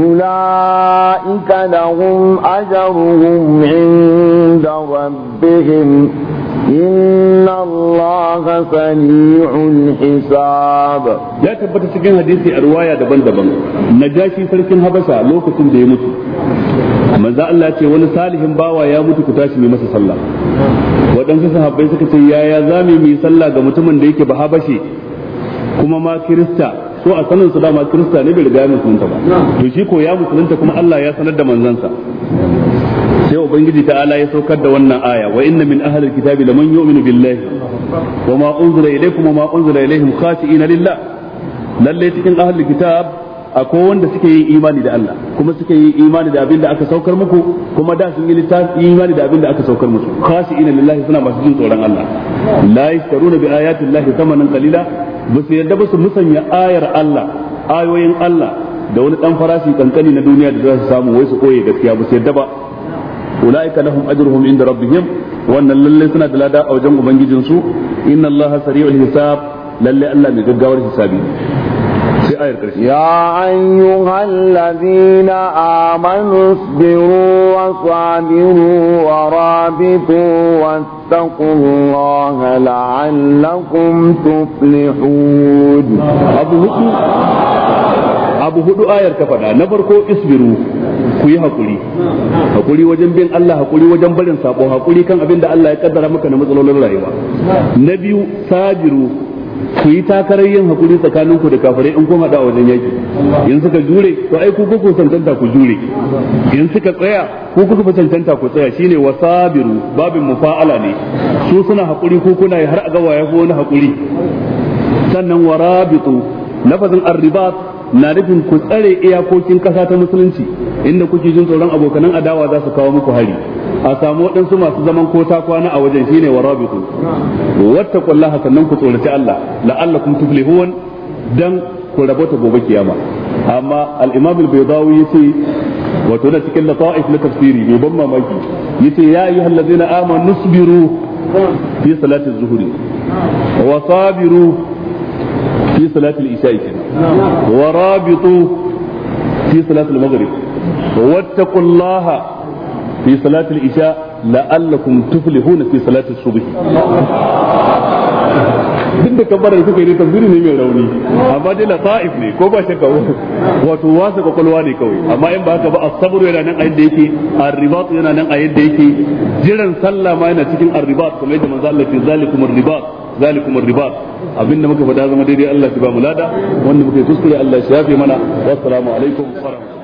أولئك لهم أجرهم عند ربهم إن الله سريع الحساب يا تبت سكين حديثي أرواية دبن دبن نجاشي سركن هبسا لو كتن دي متو manzo Allah ce wani salihin bawa ya mutu ku tashi mai masa sallah waɗansu sahabbai suka ce yaya za mu yi sallah ga mutumin da yake ba habashi kuma ma kirista ko a sanin su dama kirista ne bai riga ya musulunta ba to shi ko ya musulunta kuma Allah ya sanar da manzansa sai ubangiji ta'ala ya saukar da wannan aya wa inna min ahlil kitabi laman yu'minu billahi wa ma unzila ilaykum wa ma unzila ilayhim khashi'ina lillah lalle cikin ahlul kitab akwai wanda suke yin imani da Allah kuma suke yin imani da abin da aka saukar muku kuma da sun yi littafi imani da abin da aka saukar musu khashi'ina lillahi suna masu jin tsoron Allah la yashtaruna bi ayati llahi thamanan qalila ba su yarda ba su musanya ayar Allah ayoyin Allah da wani dan farashi kankani na duniya da za su samu wai su koye gaskiya ba su yarda ba ulaika lahum ajruhum inda rabbihim wannan lalle suna da lada a wajen ubangijin su inna allaha sari'ul hisab lalle Allah mai gaggawar hisabi ayar karshe ya ayyuhal ladina amanu sabiru wa sabiru wa rabitu wattaqullaha la'allakum tuflihun abu hudu abu hudu ayar ta faɗa na farko isbiru ku yi hakuri hakuri wajen bin Allah hakuri wajen barin sako hakuri kan abin da Allah ya kaddara maka na matsalolin rayuwa na biyu sabiru ku yi takarar yin hakuri tsakanin ku da kafirai in koma da wajen yaki in suka jure to ai ku kuka cancanta ku jure in suka tsaya ku kuka cancanta ku tsaya shine wasabiru babin mufa'ala ne su suna hakuri ko kuna har a gawa ya wani hakuri sannan warabitu lafazin arribat na nufin ku tsare iyakokin kasa ta musulunci inda kuke jin tsoron abokanan adawa za su kawo muku hari a samu waɗansu masu zaman ko ta kwana a wajen shine warabitu wattaqullaha sannan ku tsorace Allah la'allakum tuflihun dan ku rabota gobe kiyama amma al-imam al-baydawi yace wato da cikin lata'if na tafsiri mai ban mamaki yace ya ayyuhal ladzina amanu nusbiru fi salati az-zuhri wa sabiru fi salati al-isha'i wa rabitu fi salati al-maghrib wattaqullaha fi salatul isha la'allakum tuflihuna duk da kabbarar kuka yi tafsiri ne mai rauni amma dai ne ko ba shakka wato kwakwalwa ne kawai amma in ba haka ba yana nan a yadda yake ar yana nan a yadda yake jiran sallah ma yana cikin ar kuma yadda manzo Allah ce zalikum zalikum abinda muka faɗa zama daidai Allah ya ba mu lada wanda muka yi kuskure Allah ya shafe mana wassalamu alaikum wa